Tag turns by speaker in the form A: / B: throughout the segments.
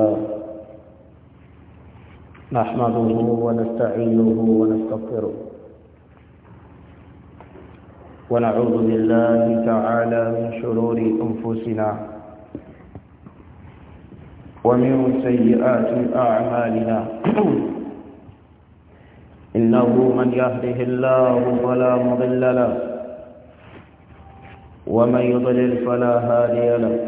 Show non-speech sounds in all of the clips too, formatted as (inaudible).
A: آه. نحمده ونستعينه ونستغفره ونعوذ بالله تعالى من شرور أنفسنا ومن سيئات أعمالنا (clears throat) إنه من يهده الله فلا مضل له ومن يضلل فلا هادي له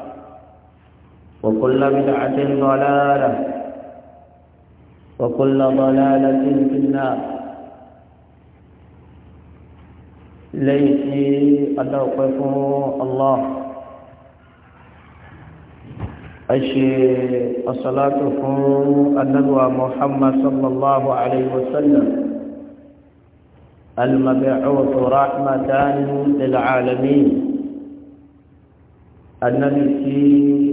A: وكل بدعة ضلالة وكل ضلالة في النار ليتي أتوقفه الله أشي الصلاة النبوة محمد صلى الله عليه وسلم المبعوث رحمة للعالمين النبي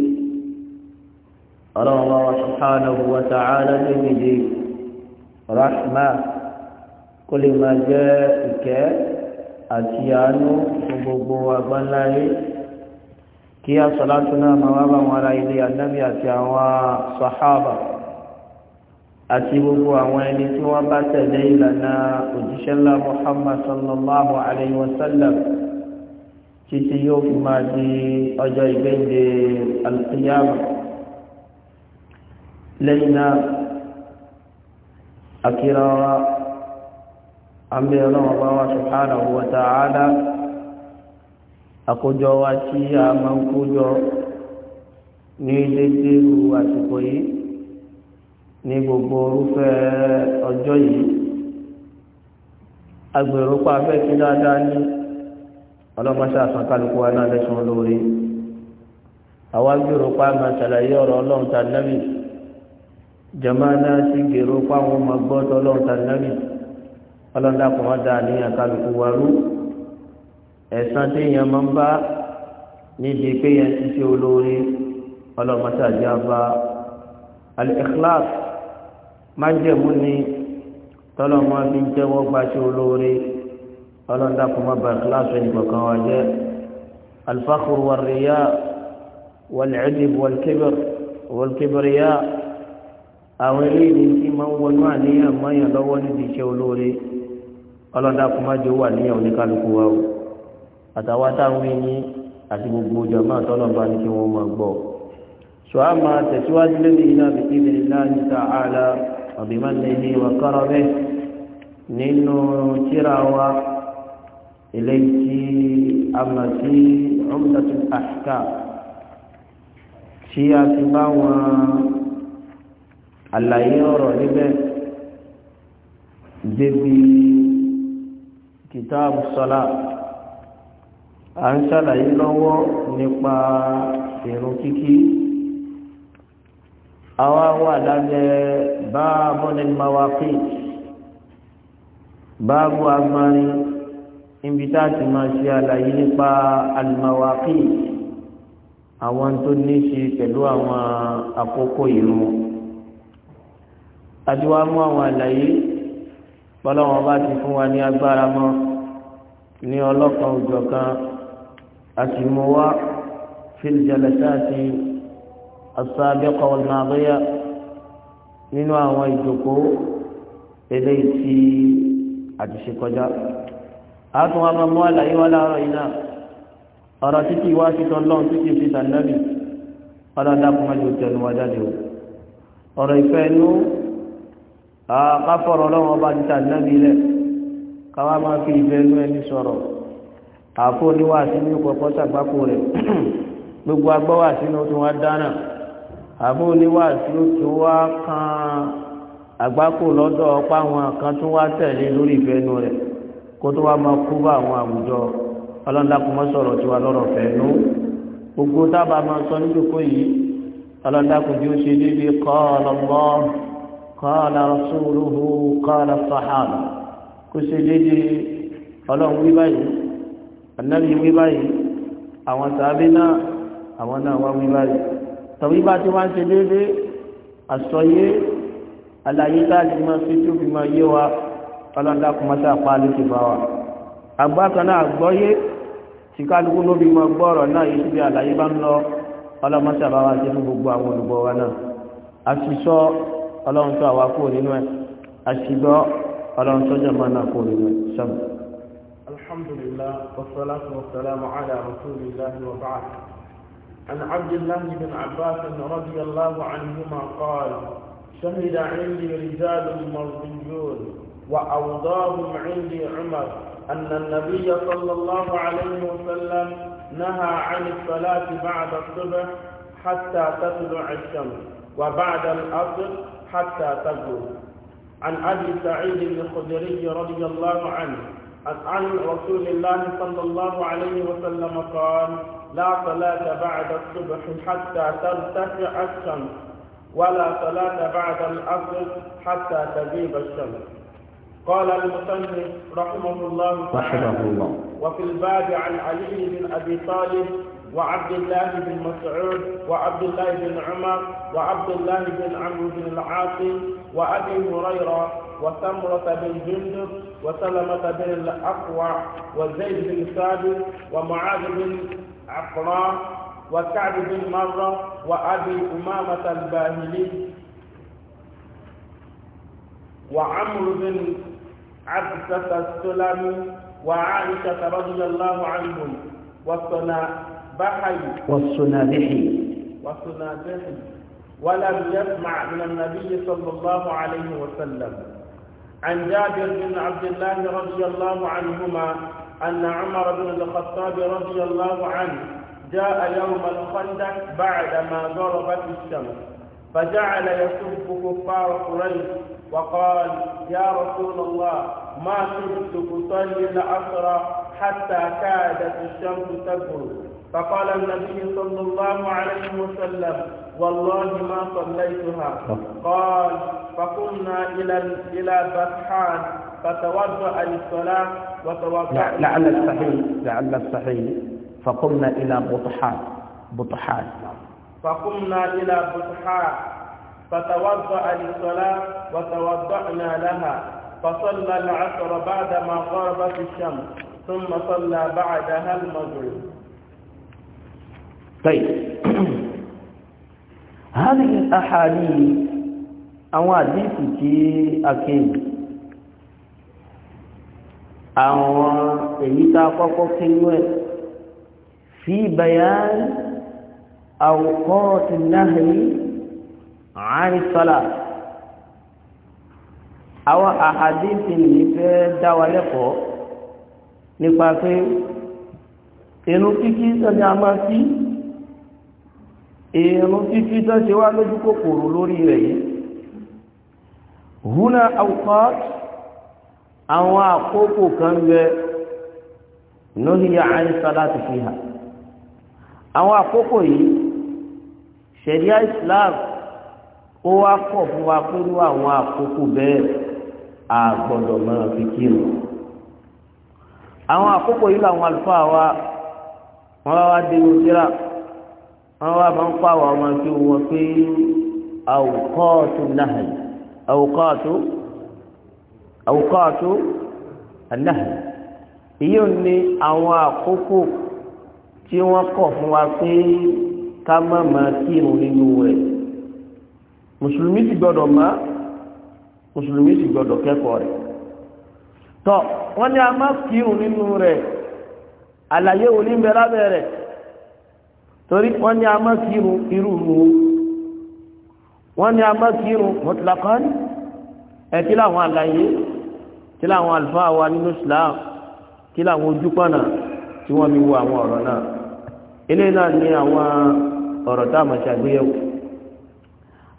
A: ọlọ́run wa subhanahu wa ta'ala méjèèjì rahma kó lè máa jẹ́ ìkẹ́ àti àánú fún gbogbo agbáńláyé kí a sọ̀látú náà máa wá bá wọn ara ilé anábì àti àwọn sàhábà àti gbogbo àwọn ẹni tí wọ́n bá tẹ̀lé ìlànà òjíṣẹ́ ńlá muhammad sallallahu alayhi wa sallam títí yóò fi máa di ọjọ́ ìgbéǹde alqiyama lẹ́yìn náà akíra wa an bẹ ọlọ́wọ́ bá wa subhanahu wa ta'ala àkójọ wa tí a máa ń kójọ ní dédé ru àsìkò yìí ní gbogbo orúfẹ́ ọjọ́ yìí agbèrò pa fẹ́ kí dáadáa ní ọlọ́mọṣẹ́ àsànkálukú wa náà lẹ́sùn lórí àwọn agbèrò pa máa ọ̀rọ̀ ọlọ́run tàbí jamaana sì gbèrò páwọn ọmọ gbọ́dọ̀ ọlọ́run tàbí ọlọ́run dàpọ̀ wọn dáa ní àkàlùkù warú ẹ̀sán téèyàn máa ń bá níbi pé yẹn ti ṣe olóore ọlọ́run àbá al-ikhlas máa jẹ̀mú ni tọ́lọ́ máa fi ń jẹ́wọ́ gba ṣe olóore ọlọ́run dàpọ̀ bá ikhlas ẹnì kọ̀ọ̀kan wa jẹ́ al-fakhru wal-riya wal-'ujub àwọn eléyìí tí máa ń wọnú àníyàn mọ́yàn lọ́wọ́ níbi iṣẹ́ olóore ọlọ́dà kó má jẹ́ wà níyàn oníkálukú wa o àtàwọn táwọn ẹ̀yìn àti gbogbo jàmá àtọ́nà bá ní kí wọ́n máa gbọ́ ṣọ́ á máa tẹ̀síwájú lórí iná bìkí bìrì láàyè ta'ala ọ̀bìmọ́ lẹ́yìn wa kọ́rọ́ bẹ́ẹ̀ nínú tíra wa eléyìí àlàyé ọ̀rọ̀ níbẹ̀ débi kìtàbù sọ́lá
B: à ń ṣàlàyé lọ́wọ́
A: nípa ìrun kíkí àwa wà lábẹ́ báàbù nínú mawaqit báàbù agbárin níbi tá a ti máa ṣe àlàyé nípa al àwọn tó ní ṣe pẹ̀lú àwọn àkókò ìrun àti wá mú àwọn àlàyé bọ́lọ́wọ́n bá ti fún wa ní agbára mọ́ ní ọlọ́kan òjọ̀kan àti mú wá fìlìjẹ̀lẹ̀sáàtì asábẹ́kọ̀ ọ̀nàbẹ́yà nínú àwọn ìjókòó eléyìí tí àtúnṣe kọjá. a tún wá máa mú àlàyé wá láàárọ̀ yìí náà ọ̀rọ̀ títí wá sí tọ́lọ́n títí fi tàndábì ọlọ́dà kúmọ́jú tẹnu wá jáde o ọ̀rọ̀ ìfẹ́ inú Ah, ká fọ̀rọ̀ ọlọ́run ọba ti tàbí ilẹ̀ káwá máa fi ìfẹ́ inú ẹni sọ̀rọ̀ àfọ oníwà sínú ìpọ̀pọ̀ sàgbákò rẹ̀ (clears throat) gbogbo agbọ́wà sínú tí wọ́n dáná àfọ oníwà sínú tí wọ́n kan àgbákò lọ́dọ̀ ọ̀pá àwọn kan tó wá tẹ̀lé lórí ìfẹ́ inú rẹ̀ kó tó wá máa kú bá àwọn àwùjọ ọlọ́dàkùnmọ́ sọ̀rọ̀ tiwa lọ́rọ̀ fẹ́ nú gbogbo tábà máa sọ nídòkó yìí ọlọ́dàkùn tí ó ṣe déédéé قال رسوله قال الصحابة كسجدي فلو ويباي النبي ويباي أو سابنا أو أنا ويباي طبيبات وان سجدي الصيي àlàyé láti máa fi tó fi máa yé wa ọlọ́dá kò máa sáàpá ló ti bá wa agbákan náà gbọ́yé tí kálukú ló fi máa gbọ́rọ̀ náà yìí síbi àlàyé bá ń lọ ọlọ́mọsàbáwá sí fún gbogbo àwọn olùgbọ́ wa náà a sọ ọlọ́run tó àwa kúrò nínú ẹ̀ àṣìgbọ́ ọlọ́run tó jẹ́ mọ́nà kúrò nínú ẹ̀ sọ́mù. alhamdulillah wasalaatu wasalaamu ala rasulillah wa ba'd an abdullahi bin abbas radiyallahu anhuma qala شهد عندي رجال مرضيون وأوضاهم عندي عمر أن النبي صلى الله عليه وسلم نهى عن الصلاة بعد الصبح حتى تطلع الشمس وبعد العصر حتى تبدو عن أبي سعيد الخدري رضي الله عنه عن رسول الله صلى الله عليه وسلم قال لا صلاة بعد الصبح حتى ترتفع الشمس ولا صلاة بعد العصر حتى تغيب الشمس قال المصنف رحمه الله تعالى رحمه الله وفي الباب عن علي بن أبي طالب وعبد الله بن مسعود وعبد الله بن عمر وعبد الله بن عمرو بن العاص وأبي هريرة وثمرة بن جندب وسلمة بن الأقوع وزيد بن ثابت ومعاذ بن عقراء وكعب بن مرة وأبي أمامة الباهلي وعمرو بن عبسة السلمي وعائشة رضي الله عنهم والصناعة بحي والسنابحي والسنابحي ولم يسمع من النبي صلى الله عليه وسلم عن جابر بن عبد الله رضي الله عنهما أن عمر بن الخطاب رضي الله عنه جاء يوم الخندق بعدما ضربت الشمس فجعل يسب كفار قريش وقال يا رسول الله ما كنت أصلي العصر حتى كادت الشمس تبرز فقال النبي صلى الله عليه وسلم والله ما صليتها قال فقمنا إلى إلى فتحان فتوضأ للصلاة وتوضأ لعل الصحيح لعل الصحيح فقمنا إلى بطحان بطحان فقمنا إلى بطحان فتوضأ للصلاة وتوضأنا لها فصلى العصر بعد ما غربت الشمس ثم صلى بعدها المغرب طيب (clears throat) هذه الاحاديث àwọn àdíkù tí a kéyìn àwọn èyí tá a kọ́kọ́ kéyìn ẹ̀ fi bayan àwòkọ́ọ̀tì náhìí àárín sọ́lá àwọn àhàdíkù ní fẹ́ dáwà lẹ́kọ̀ọ́ nípa pé inú kíkí sọ́dí a máa fi ìrún títí tán ṣe wá lójú kòkòrò lórí rẹ̀ yìí húnà awqat àwọn àkókò kan bẹ lóríyà àìsà láti fi hà àwọn àkókò yìí ṣẹ̀ríà Islam ó wá kọ̀ fún wa pẹ̀lú àwọn àkókò bẹ́ẹ̀ a máa fi kírun àwọn àkókò yìí làwọn àlùfáà wa wọ́n wá dé ojú wọn wá máa ń kọ́ àwọn ọmọ kí wọn pé àwùkọ́ọ̀tù náà àwùkọ́ọ̀tù àwùkọ́ọ̀tù náà èyí ni àwọn àkókò tí wọ́n kọ̀ fún wa pé ká má máa kírun nínú rẹ̀ mùsùlùmí sì gbọ́dọ̀ má mùsùlùmí sì gbọ́dọ̀ kẹ́kọ̀ọ́ rẹ̀ tọ́ wọ́n ní a má kírun nínú rẹ̀ àlàyé òní ń bẹ torí wọ́n ní a máa kírun irú ru o wọ́n ní a máa kírun mutlaqan ẹ kí làwọn àlàyé kí làwọn àlùfáà wa nínú islam kí làwọn ojúpọ̀nà tí wọ́n fi wo àwọn ọ̀rọ̀ náà eléyìí náà ní àwọn ọ̀rọ̀ tá a máa ṣàgbéyẹ̀wò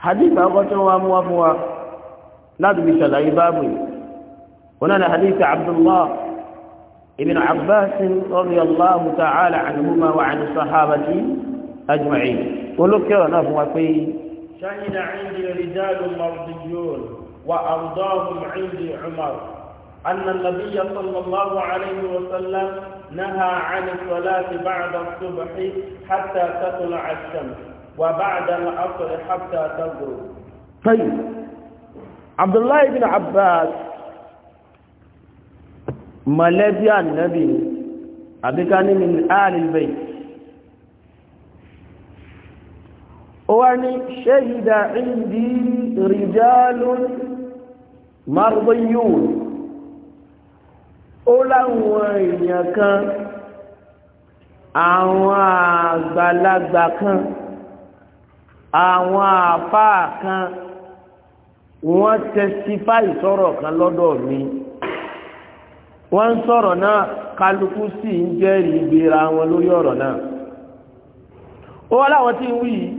A: hadith àkọ́kọ́ tí wọ́n mú wá fún wa láti fi ṣàlàyé báàbù yìí wọ́n náà ní hadith abdullah ibn abbas radiyallahu ta'ala anhuma wa an sahabati. أجمعين ولكن أنا أفهم إيه؟ شهد عندي رجال مرضيون وأرضاهم عندي عمر أن النبي صلى الله عليه وسلم نهى عن الصلاة بعد الصبح حتى تطلع الشمس وبعد العصر حتى تغرب طيب عبد الله بن عباس ملذي النبي أبي كان من آل البيت ó شَهِدَ عِنْدِي رِجَالٌ ìdí rìjálún marbiyun ó láwọn èèyàn kan àwọn àgbàlagbà kan àwọn àfáà kan wọ́n tẹsifáì sọ̀rọ̀ kan lọ́dọ̀ mi wọ́n ń sọ̀rọ̀ náà kálukú sì ń jẹ́rìí ìgbéra wọn lórí ọ̀rọ̀ náà ó wá láwọn tí ń wí yìí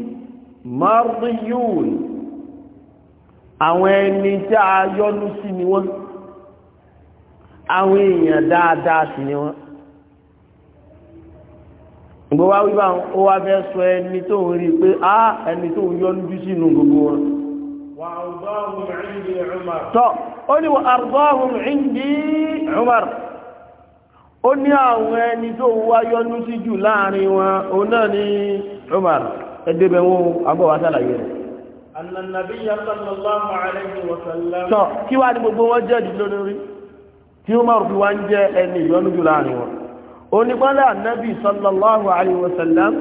A: mardiyun àwọn ẹni tí a yọ́nú sí ni wọ́n àwọn èèyàn dáadáa sí ni wọ́n gbogbo wa wíwá ó wá fẹ́ sọ ẹni tó ń rí pé á ẹni tó ń yọ́nú jù sínú gbogbo wọn tọ́ ó ní wọ́n ìndí Umar ó ní àwọn ẹni tó wá yọ́nú sí jù láàrin wọn òun náà ni Umar ẹdẹ́bẹ̀ wọn agbọ́ wa sàlàyé rẹ̀. Annanabiyya sallallahu alayhi wa sallam. Tọ́ kí wá ní gbogbo wọn jẹ́ ìdílé lórí tí ó máa fi wá ń jẹ́ ẹni ìyọnu jù láàrin wọn. Onígbọ́lá Annabi sallallahu alayhi wa sallam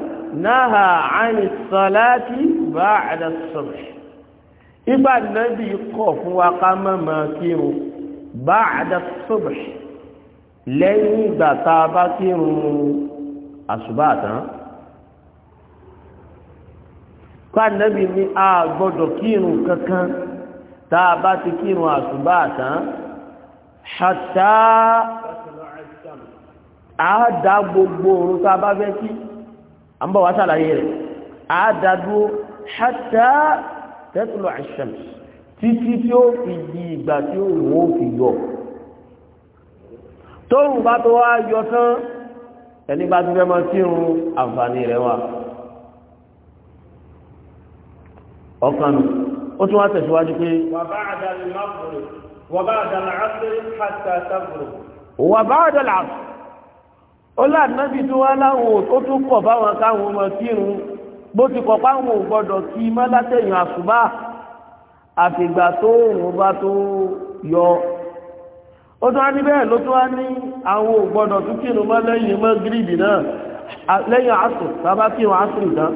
A: náà àní sọláàtì bá àdá Ìgbà Annabi kọ̀ fún wa ká má máa bá àdá lẹ́yìn ìgbà tá bá kírun àṣùbà tán kánẹ́bì ní a gbọ́dọ̀ kírun kankan tá a bá ti kírun àsùbá tán ṣàtà àádá gbogbo òun tá a bá fẹ́ kí a ń bọ̀ wá sàlàyé rẹ̀ àádá dúró ṣàtà tẹ́tùlọ àṣàm títí tí ó fi di ìgbà tí ó wò ó fi yọ tóun bá tó wá yọ tán ẹni bá tún fẹ́ mọ́ kírun àǹfààní rẹ̀ wà. ọkàn nù ó tún wá tẹ̀síwájú pé wà bá àdàlà ó láàdínábì tó wá láwọn ó tún kọ̀ báwọn káwọn ọmọ kírun bó ti kọ̀ páwọn ò gbọ́dọ̀ kí mọ́ látẹ̀yìn àṣùbá àfìgbà tó òun bá tó yọ ó tún á ní bẹ́ẹ̀ ló tún á ní àwọn ò gbọ́dọ̀ tún kírun mọ́ lẹ́yìn mọ́ gírìbì náà lẹ́yìn àṣù tàbá kírun àṣù ìdán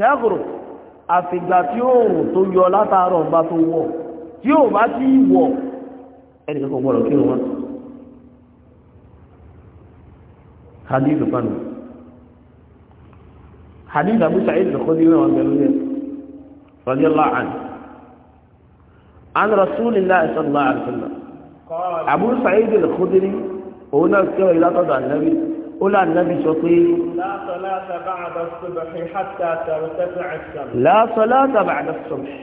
A: tẹ́gùrù àfìgbà tí oòrùn tó yọ látàárọ̀ bá tó wọ̀ tí ò bá tí wọ̀ ẹni kọ́kọ́ gbọ́dọ̀ kí wọn hadith fanu hadith abu sa'id al-khudri wa an galu radiyallahu anhu an rasulillah sallallahu alaihi abu sa'id al-khudri ona kẹwàá ó là nàbí sọ pé. láṣọláṣà ba'da as-subhi hatta tartafi'a ash-shams. láṣọláṣà ba'da as-subhi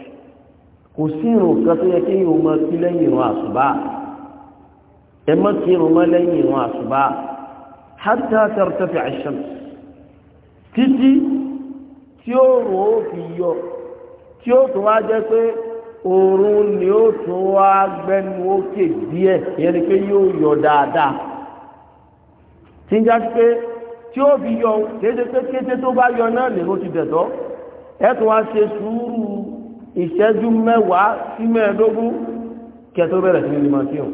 A: kò sí irun kan tó yẹ kí irun máa kí lẹ́yìn irun àṣùbà ẹ má kí irun máa lẹ́yìn irun àṣùbà hatta tartafi'a ash-shams títí tí ó rò ó fi yọ tí ó tún wá jẹ́ pé oòrùn ni ó tún wá gbẹnu ókè díẹ̀ yẹn ni pé yóò yọ dáadáa tí ń já sí pé tí ó fi yọ kéde pé kété tó bá yọ náà lè ó ti dẹ̀tọ́ ẹ tún wá ṣe sùúrù ìṣẹ́jú mẹ́wàá sí mẹ́ẹ̀ẹ́dógún kẹ́ tó bẹ̀rẹ̀ sí ní màkíyàn.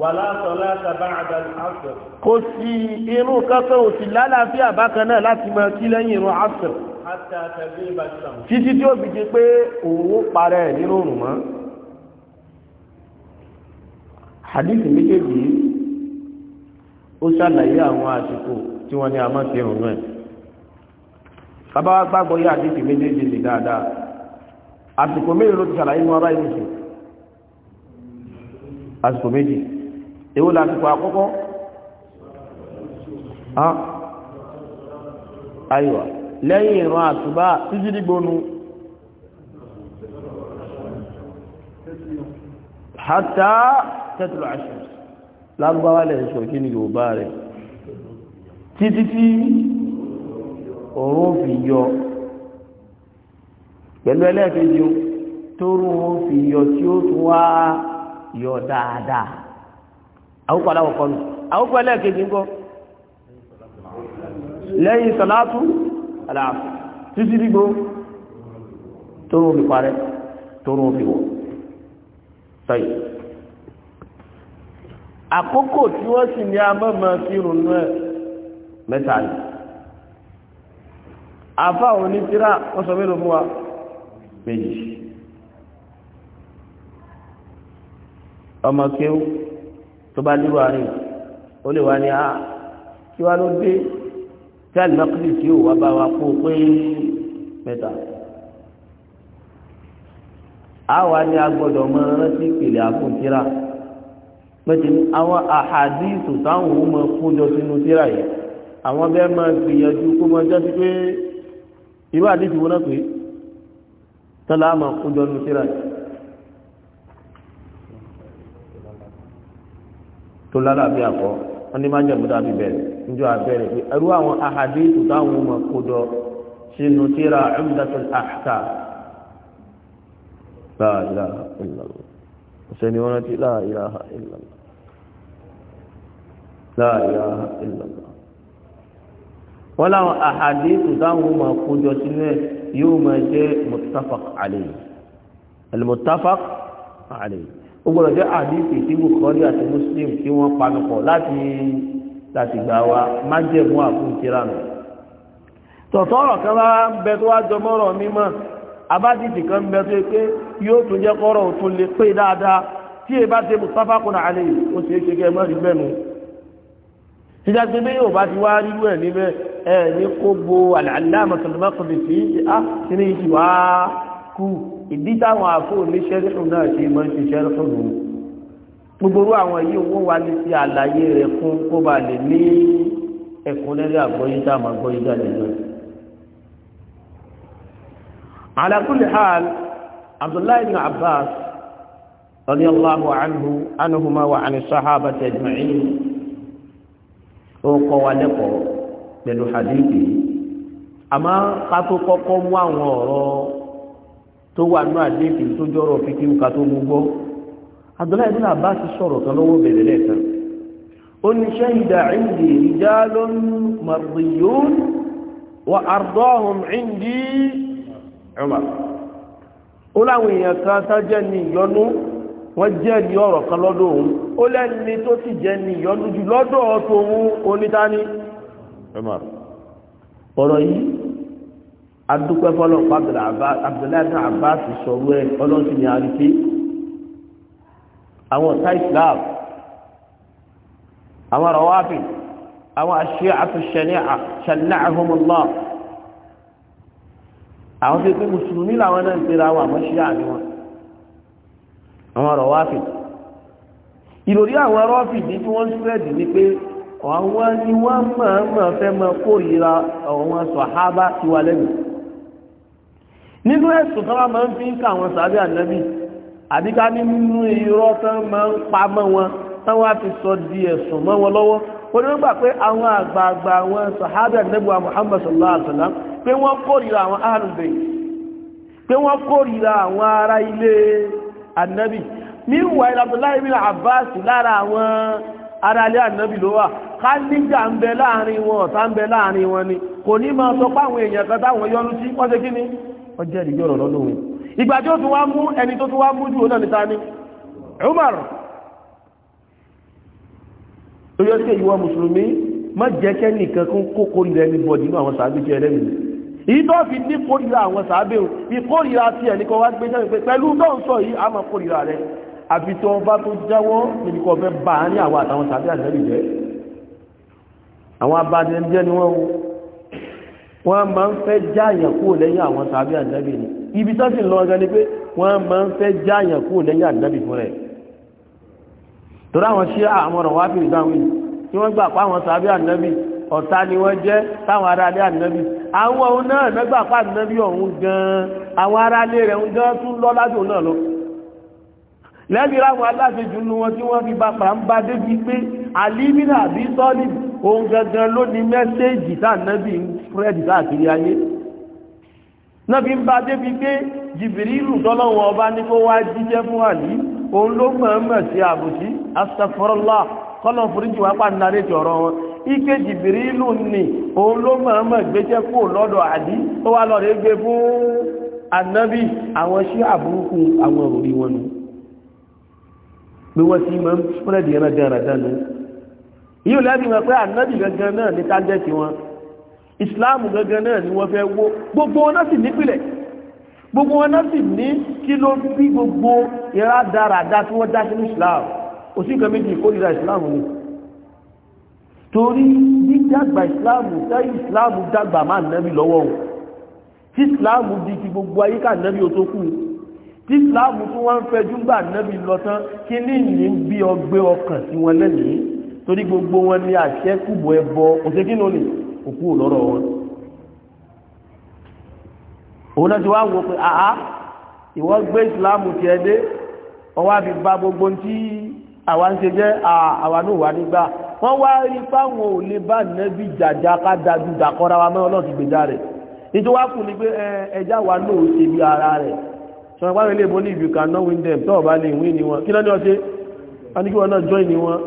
A: wàlá sọlá sábà àdàlù àṣẹ. kò sí irun kankan ò sì lálàáfíà bákan náà láti máa kí lẹ́yìn irun àṣẹ. títí tí ó fi di pé òun parẹ́ nínú òrùn mọ́ ó ṣàlàyé àwọn àsìkò tí wọ́n ní a máa ń tẹ̀rùn náà bàbá wa gbàgbọ́ yá àdìsí méjèèjì lè dáadáa àsìkò méjì ló ti ṣàlàyé wọn ará ìlú sùn àsìkò méjì èwo làsìkò àkọ́kọ́ aywa lẹ́yìn ìran àsùbá títí dìgbónú
B: hatta tẹ́tùlù àṣírí
A: lárúbáwá lẹ̀ ń sọ kí ni yorùbá rẹ̀ títí tí òun fi yọ pẹ̀lú ẹlẹ́ẹ̀kejì tóru òun fi yọ tí ó tún wá yọ dáadáa àwùkọ aláwọ̀kọ́ nù àwùkọ ẹlẹ́ẹ̀kejì ń kọ́ lẹ́yìn sọ̀látú títí dígbó tóru òun fi parẹ́ tóru òun fi wọ̀ sọ́yìn àkókò tí wọ́n sì ní amọ́mọ́ fi rùnú ẹ̀ mẹ́ta ni àfa òní tíra wọ́n sọ mélòó fún wa méjì ọmọ kéwú tó bá dúró àárín ó lè wá ní a kí wá ló dé tí àlùmọ́kìlì tí ò wá bá wa kó pé mẹ́ta a wà ní agbọ́dọ̀ mọ́ rántí ìpìlẹ̀ àkùntìrà pẹ̀tì àwọn àhàdíìsù táwọn ò mọ kójọ sínú tíra yìí àwọn bẹ́ẹ̀ máa gbìyànjú kó máa jásí pé irú àdíìsù wọn náà pé tọ́lá máa kójọ sínú tíra yìí tó lára bí àkọ́ wọ́n ní máa jẹ̀mú dábì bẹ̀rẹ̀ níjọ́ abẹ́rẹ́ pé irú àwọn àhàdíìsù táwọn ò mọ kójọ sínú tíra Umdatul Ahkam la ilaha ọ̀sẹ̀ni wọ́n rántí la ilaha illallah la ilaha illallah wọ́n láwọn àhàdíìsì táwọn ọmọ àkójọ sínú ẹ̀ yóò máa jẹ́ muttafaq alayhi al-muttafaq alayhi ó gbọ́dọ̀ jẹ́ àdíìsì tí Bukhari àti Muslim tí wọ́n panupọ̀ láti láti gbà wá májẹ̀mú àkúntíra nù tọ̀tọ̀ ọ̀rọ̀ kan bá bẹ tó wá jọmọ́rọ̀ mímọ́ abájíjì kan ń bẹ tó pé yóò tún jẹ́ kọ́rọ̀ òtún lè pé dáadáa tí ẹ bá ṣe mustapha kùnà àlẹ́ yìí ó ṣeé ṣe kẹ́ ẹ mọ́rin mẹ́nu ìjà pé bí yóò bá ti wá rírú ẹ̀ níbẹ̀ ẹ̀ ní kó bo àlàámà tòlùmọ́kùnrin sí á sí ní ìjì wá kú ìdí táwọn àfóò ní ṣẹ́rìṣùn náà ṣe mọ́ ṣe ṣẹ́rìṣùn nù gbogbo àwọn yìí owó wa ní ti àlàyé rẹ̀ fún kó ba lè ní ẹ̀kúnrẹ́rẹ́ àgbọ́yé tá a máa gbọ́yé jáde lọ́wọ́ ala kulli hal abdullahi ibn abbas radiyallahu anhu anhuma wa an sahabati ajma'in ó kọ́ wa lẹ́kọ̀ọ́ pẹ̀lú hadithi àmọ́ ká tó kọ́kọ́ mú àwọn ọ̀rọ̀ tó wà ní hadithi tó jọrọ fíkí ká tó mú gbọ́ abdullahi ibn abbas sọ̀rọ̀ kan lọ́wọ́ bẹ̀rẹ̀ lẹ́ẹ̀kan ó ní shahida indi rijalun mardiyun wa ardahum indi Umar ó láwọn èèyàn kan tán jẹ́ ní ìyọnú wọ́n jẹ́ ní ọ̀rọ̀ kan lọ́dọ̀ òun ó lẹ́ni tó sì jẹ́ ní ìyọnú jù lọ́dọ̀ ọ̀tọ̀ òun onítání Umar ọ̀rọ̀ yìí adúpẹ́ fọlọ́pàá Abdullahi Abbas sọ̀rọ̀ ẹ̀ ọlọ́sìn ní àrífẹ́ àwọn ọ̀tá Islam àwọn rọwáfì àwọn aṣíà àti ṣẹ̀nìà ṣẹ̀nìà àhùnmọ́lá àwọn tó pé mùsùlùmí làwọn náà ń pera wọn àmọ́ ṣíà ni wọn àwọn ọ̀rọ̀ wá fìdí ìròrí àwọn ọ̀rọ̀ fìdí tí wọ́n ń sẹ́ẹ̀dì ni pé àwọn ni wọ́n mọ̀ọ́mọ̀ fẹ́ mọ kórìíra àwọn sọ̀hábà tí wà lẹ́nu nínú ẹ̀sùn tó wá máa ń fi ń ka àwọn sàbẹ̀ ànábì àdíká nínú irọ́ tó máa ń pa mọ́ wọn táwọn á sọ di ẹ̀sùn mọ́ wọn lọ́wọ́ onígbà pé àwọn àgbààgbà àwọn sọ̀hábà ànábì wa Muhammad sallallahu pé wọ́n kórìíra àwọn alùbẹ̀ pé wọ́n kórìíra àwọn ará ilé ànábì níwà Abdullahi bin Abbas lára àwọn ará ilé ànábì ló wà ká níjà láàrin wọn ọ̀tá ń láàrin wọn ni kò ní máa sọ páwọn èèyàn kan táwọn yọnu sí wọ́n ṣe kí ni wọ́n jẹ́ ìdíjọ́ ọ̀rọ̀ lọ́nà òun ìgbà tí ó tún wá mú ẹni tó tún wá mú jù ó náà níta ni Umar yọ sí ìwọ mùsùlùmí má jẹ́ kún kókó bọ̀dì àwọn sàájú ìtọ́ fi ní kórìíra àwọn sàábẹ̀ o ìkórìíra tí ẹnìkan wá gbé sẹ́yìn pé pẹ̀lú náà sọ yìí a máa kórìíra rẹ̀ àfi tí wọ́n bá tó jáwọ́ níbi kan fẹ́ bá ní àwọn àtàwọn sàábẹ̀ àtẹ́lẹ̀ jẹ́ àwọn abadẹ jẹ́ ni wọ́n wọ́n máa ń fẹ́ jáàyàn kúrò lẹ́yìn àwọn sàábẹ̀ àtẹ́lẹ̀ ni ibi tó sì lọ gan ni pé wọ́n máa ń fẹ́ jáàyàn kúrò lẹ́yìn ànábì fún rẹ̀ torí àwọn ṣé àwọn ọ̀rọ̀ wá fìrì dáhùn yìí tí wọ́n gbà pa àwọn sàábẹ̀ ànábì ọ̀tá ni wọ́n jẹ́ táwọn aráalé ànábì àwọn òun náà nọ́gbà pa ànábì ọ̀hún gan-an àwọn aráalé rẹ̀ ń gan tún lọ ládùn òun náà lọ lẹ́bi ráwọn aláṣejù nu wọn tí wọ́n fi bàbá ń ba débi pé àlímínà àbí sọ́ọ̀lì òun gangan ló ní mẹ́sẹ́ẹ̀jì tá ànábì ń fúrẹ́dì káàkiri ayé náà fi ń ba débi pé jìbìrìlù tọ́lọ́wọ́n ọba ní kó wá jíjẹ́ fún àlí òun ló mọ̀ọ́mọ̀ sí àbòsí astagfirullah kọ́lọ̀ foríjì wá pàdánù àrètí ọ̀rọ̀ wọn ike jìbìrìlù ni òun ló mọ̀ọ́mọ̀ gbéṣẹ́ kú lọ́dọ̀ àdí ó wá lọ́rẹ̀ gbé fún ànábì àwọn sí àbúrúkú àwọn òrí wọn nù bí wọ́n ti máa ń fúnrẹ́dì ẹran dáradára yíò lẹ́bi wọn pé ìsìláàmù ni wọ́n fẹ́ wó gbogbo wọn náà sì nípìlẹ̀ gbogbo wọn náà ní torí dídàgbà ìsìláàmù táyì ìsìláàmù dàgbà máa nẹ́bí lọ́wọ́ o tí ìsìláàmù di ti gbogbo ayé ká nẹ́bí o tó kù tí ìsìláàmù tó wọ́n ń fẹjú gbà nẹ́bí lọ tán kí ní ní bí ọgbẹ́ ọkàn sí wọn lẹ́nìí torí gbogbo wọn ni àṣẹ kùbọ̀ ẹbọ òṣèkí lónìí òkú lọ́rọ̀ wọn. òun náà ti wá wò pé àá ìwọ gbé ìsìláàmù tiẹ̀ dé ọwọ́ àfi ba gbogbo ti àwa ń ṣe jẹ́ àwa náà wà nígbà wọ́n wá rí fáwọn ò lè bá nẹ́bí jàjà ká dájú dàkọ́ra wa mọ́ ọlọ́ọ̀tì gbèjà rẹ̀ nítorí wá kù ní pé ẹja wa náà ó ṣe bí ara rẹ̀ sọ wọn pàrọ̀ ilé ìbò ní if you cannot win them tó ọba lè win ni wọn kí lọ́ni ọ̀ṣẹ́ wọn ní kí wọn náà join ni wọn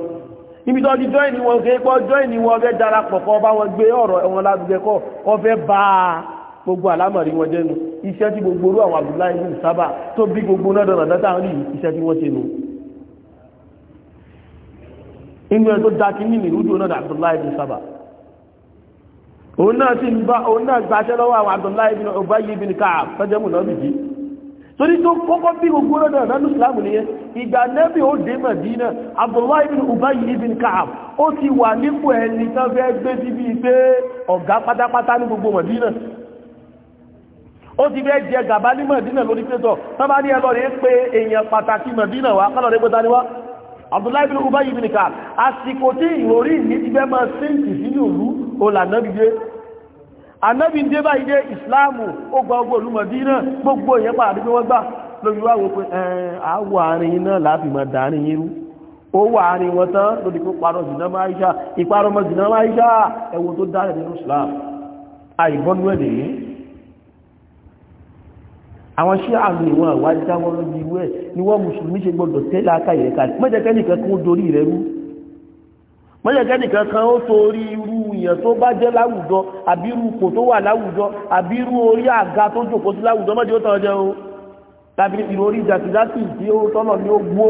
A: ibi tó ti join ni wọn kéèkọ́ join ni wọn fẹ́ darapọ̀ kọ́ bá wọn gbé ọ̀rọ̀ ẹ̀wọ̀n ládùúgbẹ́ kọ́ ọ fẹ́ bá a gbogbo àlámọ̀rí wọn jẹ́nu iṣẹ́ tí gbogbo orú àwọn Abdullahi sábà tó bí gbogbo náà dọ̀nà dátà ń rí tí wọ́n ṣe nù inú ẹ̀ tó dákí ní ìrújú náà Abdullahi bin Saba òun náà sì ń bá òun náà gbàṣẹ́ lọ́wọ́ àwọn Abdullahi bin bin Ka'ab fẹ́jẹ́mù náà bìí torí tó kọ́kọ́ bí gbogbo lọ́dọ̀ nánú Islam nìyẹn ìgbà nẹ́bí ó dé Abdullahi bin bin Ka'ab ó ti wà nípò ẹni tán fẹ́ gbé síbi pé ọ̀gá pátápátá ní gbogbo Madina ó ti jẹ gàbá ní lórí ní pé èèyàn pàtàkì abdullahi bin ubayi bin ka àsìkò tí ìròrí ní ti fẹ́ máa sínkì sínú ìlú olànàbìdé anábìdé bá ilé ìsìláàmù ó gba ọgbọ̀ olùmọ̀dí náà gbogbo èyàn pa àdúgbò wọ́n gbà lórí wá wọ́n pé àwọ̀ àárín náà láti mọ̀ dáárín irú ó wà àwọn ṣí àrùn ìwọ̀n àwá jáwọ́ lójú ìwé ni wọ́n mùsùlùmí ṣe gbọ́dọ̀ tẹ́lá akáyẹ̀ kalẹ̀ mọ́jẹ̀kẹ́ nìkan kan ó dorí rẹ̀ rú mọ́jẹ̀kẹ́ nìkan kan ó torí irú ìyàn tó bá jẹ́ láwùjọ àbí irú kò tó wà láwùjọ àbí irú orí àga tó jòkó sí láwùjọ mọ́jẹ́ ó tọ́jẹ́ o tàbí irú orí jàkìjákì tí ó tọ́nà ní ó gbó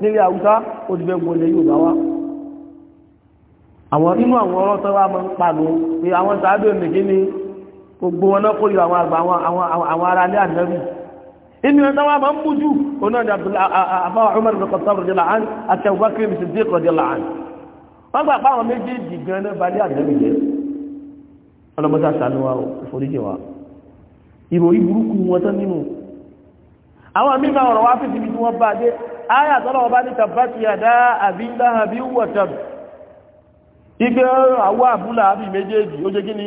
A: nílé Haúsá ó ti fẹ́ wọlé Yorùbá wa àwọn inú àwọn ọlọ́tọ́ wa máa ń panu pé àwọn sàádọ́ nìkíní gbogbo wọn náà kórìíra àwọn àgbà àwọn ará ilé ànábì inú ẹ̀ táwọn máa ń mú jù òun náà ni àfáwà Umar ibn Khattab radiyallahu anhu àti Abubakar ibn Siddiq radiyallahu anhu wọ́n gbà fáwọn méjèèjì gan náà balẹ̀ ànábì jẹ́ ọlọ́mọdé àṣàánú wa ìforíjì wa ìròyìn burúkú wọn tán nínú àwọn mímọ̀ ọ̀rọ̀ wá fìdí tí wọ́n bá dé ayà tọ́lọ̀ ọba ní tàbátì àdá àbí láhàbí wọ̀tàbí igẹ́ àwọ́ àbúlà àbí méjèèjì ó jẹ́ gíní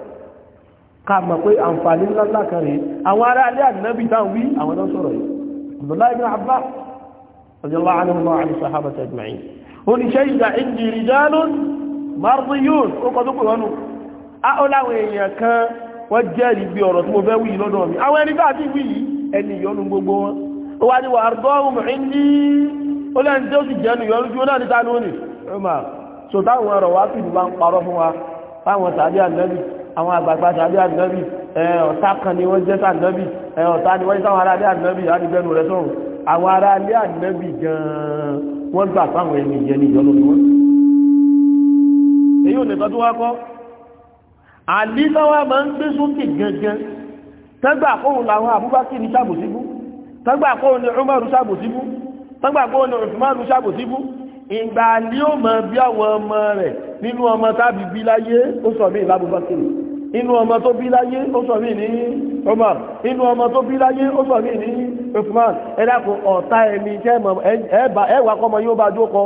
A: ká mọ̀ pé àǹfààní ńláńlá kan rèé àwọn ará alẹ́ ànábì táwọn wí àwọn náà sọ̀rọ̀ yìí abdullahi bin abbas radiyallahu anhu wa an sahabati ajma'in ó ní shahida indi rijalun mardiyun àwọn àgbààgbà tàbí àdínábì ọ̀tá kan ni wọ́n jẹ́ sàdínábì ọ̀tá ni wọ́n jẹ́ sáwọn ará alẹ́ àdínábì àdígbẹ́nu rẹ̀ sọ̀rọ̀ àwọn ará alẹ́ àdínábì gan-an wọ́n gbà fáwọn ẹni ìyẹn ní ìjọ lórí wọn. èyí ò nìkan tó wá kọ́ àlí táwa máa ń gbé sókè gangan tẹ́gbà kóhun làwọn àbúbákìrì ṣàbòsíbú tẹ́gbà kóhun ni Umaru ìgbà ní ó mọ̀ bí àwọn ọmọ rẹ̀ nínú ọmọ tábí bí láyé ó sọ mí lábúbákìrì inú ọmọ tó bí láyé ó sọ mí ní Omar inú ọmọ tó bí láyé ó sọ mí ní Uthman ẹ̀dàkùn ọ̀tá ẹni jẹ́ ẹ̀wà kọmọ yóò bá jókọ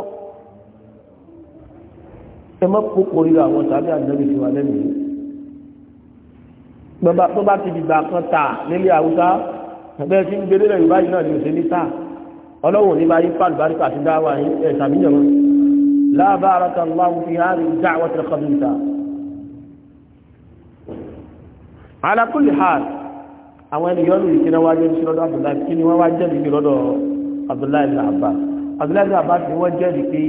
A: ẹ mọ́ kókò àwọn tàbí àjẹ́bì ọlọ́run ní bá yí pàlùbáríkà àti dáwà yí ẹ̀sàmíyàn wọn lábáratà láwù fi hàrí dáwà tẹ̀lé kọbíta alákùnlé hàn àwọn ènìyàn lè kí wọ́n jẹ́ ìṣirọ́dọ̀ abdullahi kí ni wọ́n wá jẹ́ ìṣirọ́dọ̀ abdullahi abba abdullahi abba ti wọ́n jẹ́ ìpé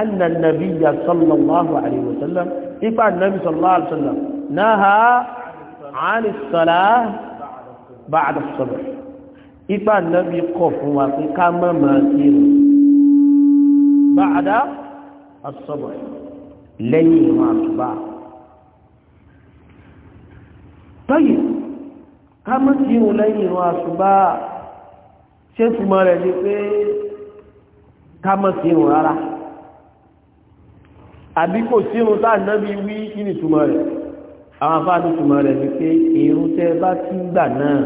A: anna nabiyya sallallahu alaihi wasallam ipa nabi sallallahu alaihi wasallam naha an as-salah ba'da as-subh ipa nàbí kọ̀ fún wa pé ká má máa kírun báadá asọ́bọ̀ lẹ́yìn ìwọ̀n àtúbà tọ́yì ká má kírun lẹ́yìn ìwọ̀n àtúbà ṣé túmọ̀ rẹ̀ ni pé ká má kírun rárá àbí kò sírun tá nàbí wí kí ni túmọ̀ rẹ̀ àwọn afáàdùn túmọ̀ rẹ̀ ni pé irun bá ti gbà náà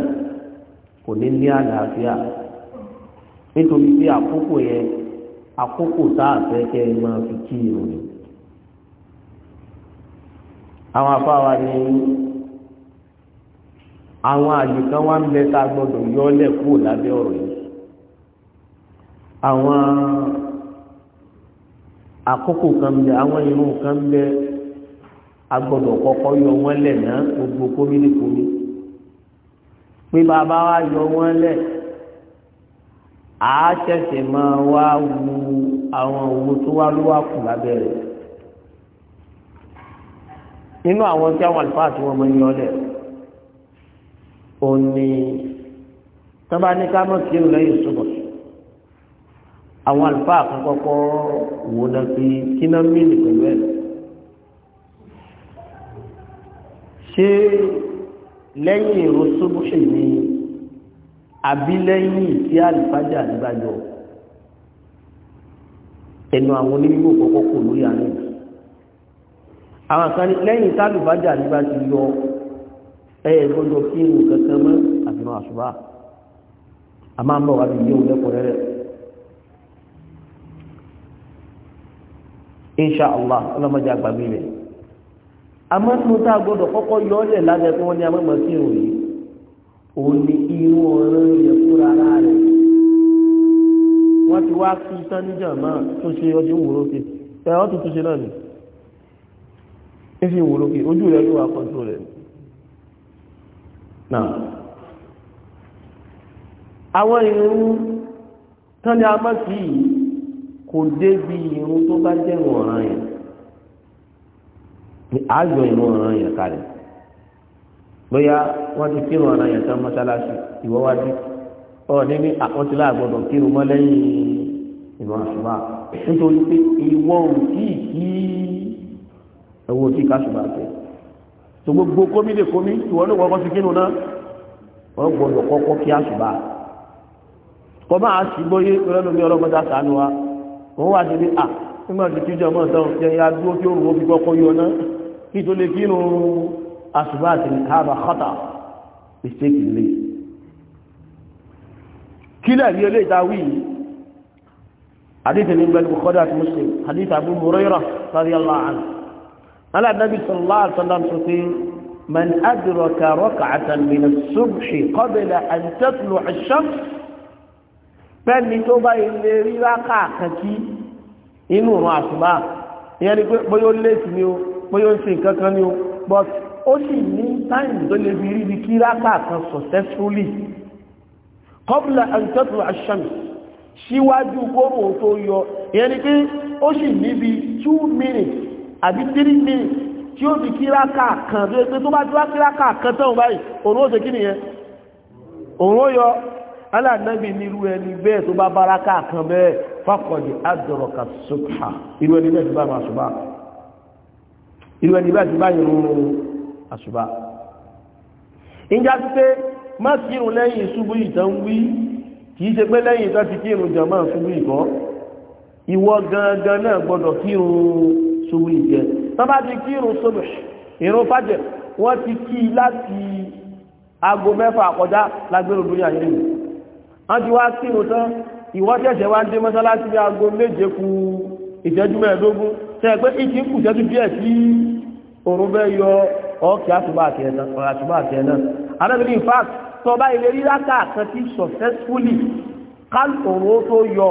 A: kò ní ní àlàáfíà nítorí pé àkókò yẹn àkókò tá a fẹ́ kẹ́ ẹ máa fi kí ìròyìn àwọn afáwa ni àwọn àyè kan wá ń bẹ tá a gbọdọ̀ yọ ọ́ lẹ̀ kúrò lábẹ́ ọ̀rọ̀ yìí àwọn àkókò kan bẹ àwọn irun kan bẹ a kọ́kọ́ yọ wọ́n lẹ̀ náà gbogbo kómìnìkómìnì pé bàbá wa yọ wọ́n lẹ̀ á ṣẹ̀ṣẹ̀ máa wá wu àwọn owó tó wá ló wá kù lábẹ́ rẹ̀ nínú àwọn tí àwọn àlùfáà tí wọ́n máa ń yọ lẹ̀ òní tọ́ba ní ká mọ̀ kí n lẹ́yìn sọ̀rọ̀ àwọn àlùfáà kan kọ́kọ́ wò ó lọ sí kí náà mí nìkan ṣé. lẹ́yìn èrò sóbúṣe ni àbí lẹ́yìn tí àlùfájà àdìbàjọ ẹnu àwọn onímọ̀ kọ́kọ́ kò lórí àná àwọn kan lẹ́yìn tí àlùfájà àdìbà yọ ẹ̀yẹ gbọ́dọ̀ kí irun kankan mọ́ àfihàn àṣùbà a máa ń bọ̀ àmọ́ nínú tá a gbọ́dọ̀ kọ́kọ́ yọ ọ́lẹ̀ lábẹ́ tí wọ́n ní amọ́mọ́ sí irun yìí òun ni irun ọ̀ràn yẹ fúnra ara rẹ̀ wọ́n ti wá kí tán níjà máa tó ṣe ọdún wúrọ́ kí ẹ ọ́ tuntun ṣe náà ni ẹ̀fìn wúrọ́ kí ojú rẹ̀ yóò wá kọ́ńtò rẹ̀ náà àwọn irun tán ni amọ́ sí yìí kò débi irun tó bá jẹ́ ọ̀ràn yẹn àjọ ìmú ọ̀ràn yẹn kalẹ̀ bóyá wọ́n ti kírun ọ̀ràn yẹn tán mọ́ṣáláṣí ìwọ́ wá dé ọ̀ níbi àkọsílẹ̀ àgbọ̀dọ̀ kírun mọ́ lẹ́yìn ìmọ̀ àṣùbà nítorí pé ìwọ ò tí ì kí ẹ̀wọ̀ tí kásùbà tẹ̀ tó gbogbo kómi lè kómi ìwọ́n ní wọ́n kọ́ sí kírun náà wọ́n gbọ́dọ̀ kọ́kọ́ kí àṣùbà kọ́ máa sì bóyé ọlọ́lọ́mí ọlọ́mọdá sànú wa wọ́n wá sí ní à nígbà tí kíjọ mọ́ tán jẹ́ ìyá dúró kí òun ó fi kọ́kọ́ yọ náà nítorí kínú àṣùbá àti ìhàbà kọ́tà mistake lè kílẹ̀ rí olè ìdáwí hadith ní gbẹ̀lú kọ́dá àti muslim hadith abu hurairah radiyallahu anhu aláàdábì sallallahu alaihi wasallam من أدرك ركعة من الصبح قبل أن تطلع الشمس fẹ́ni tó bá ilé rí rákà kankí inú òun àṣùbá ìyẹn ni pé bóyá ó sí ni ó bóyá ń ṣe nǹkan kan ní o but ó sì ní táìmù tó lè fi rí ibi kí rákà kan successfully kọ́bùlà àǹtọ́tù àṣàmì síwájú kóòrò tó yọ ìyẹn ni pé ó sì níbi 2 minutes àbí 3 minutes tí ó fi kí rákà kan tó yẹ pé tó bá tí wá kí rákà kan tán báyìí òun ó ṣe kí nìyẹn òun ó yọ alánàbì nírú ẹni bẹ́ẹ̀ tó bá bára káàkan bẹ́ẹ̀ fákọ̀dì àdọ̀rọ̀kà sọ́kà irú ẹni bẹ́ẹ̀ tó bá máa ṣùgbọ́n irú ẹni bá ti bá yìí rú àṣùbá ìjà sí pé má kírun lẹ́yìn ṣubú ìtàn wí kìí ṣe pé lẹ́yìn tó ti kírun jàmá ṣubú ìkọ́ ìwọ gangan náà gbọdọ̀ kírun ṣubú ìjẹ tọ́bá ti kírun ṣubú ìrún fàjẹ̀ wọ́n ti kí láti aago mẹ́fà àkọjá lágbèrò lórí ayélujára wọ́n ti wá kírun tán ìwọ ṣẹ̀ṣẹ̀ wá dé mọ́sálásí bí aago méje kù ìṣẹ́jú mẹ́ẹ̀ẹ́dógún tẹ́gbẹ́ ìkí kù tẹ́jú díẹ̀ sí òrùn bẹ́ yọ ọkì àtúbà àti in fact tó bá ilé rí rákà kan tí successfully kán òrùn ó tó yọ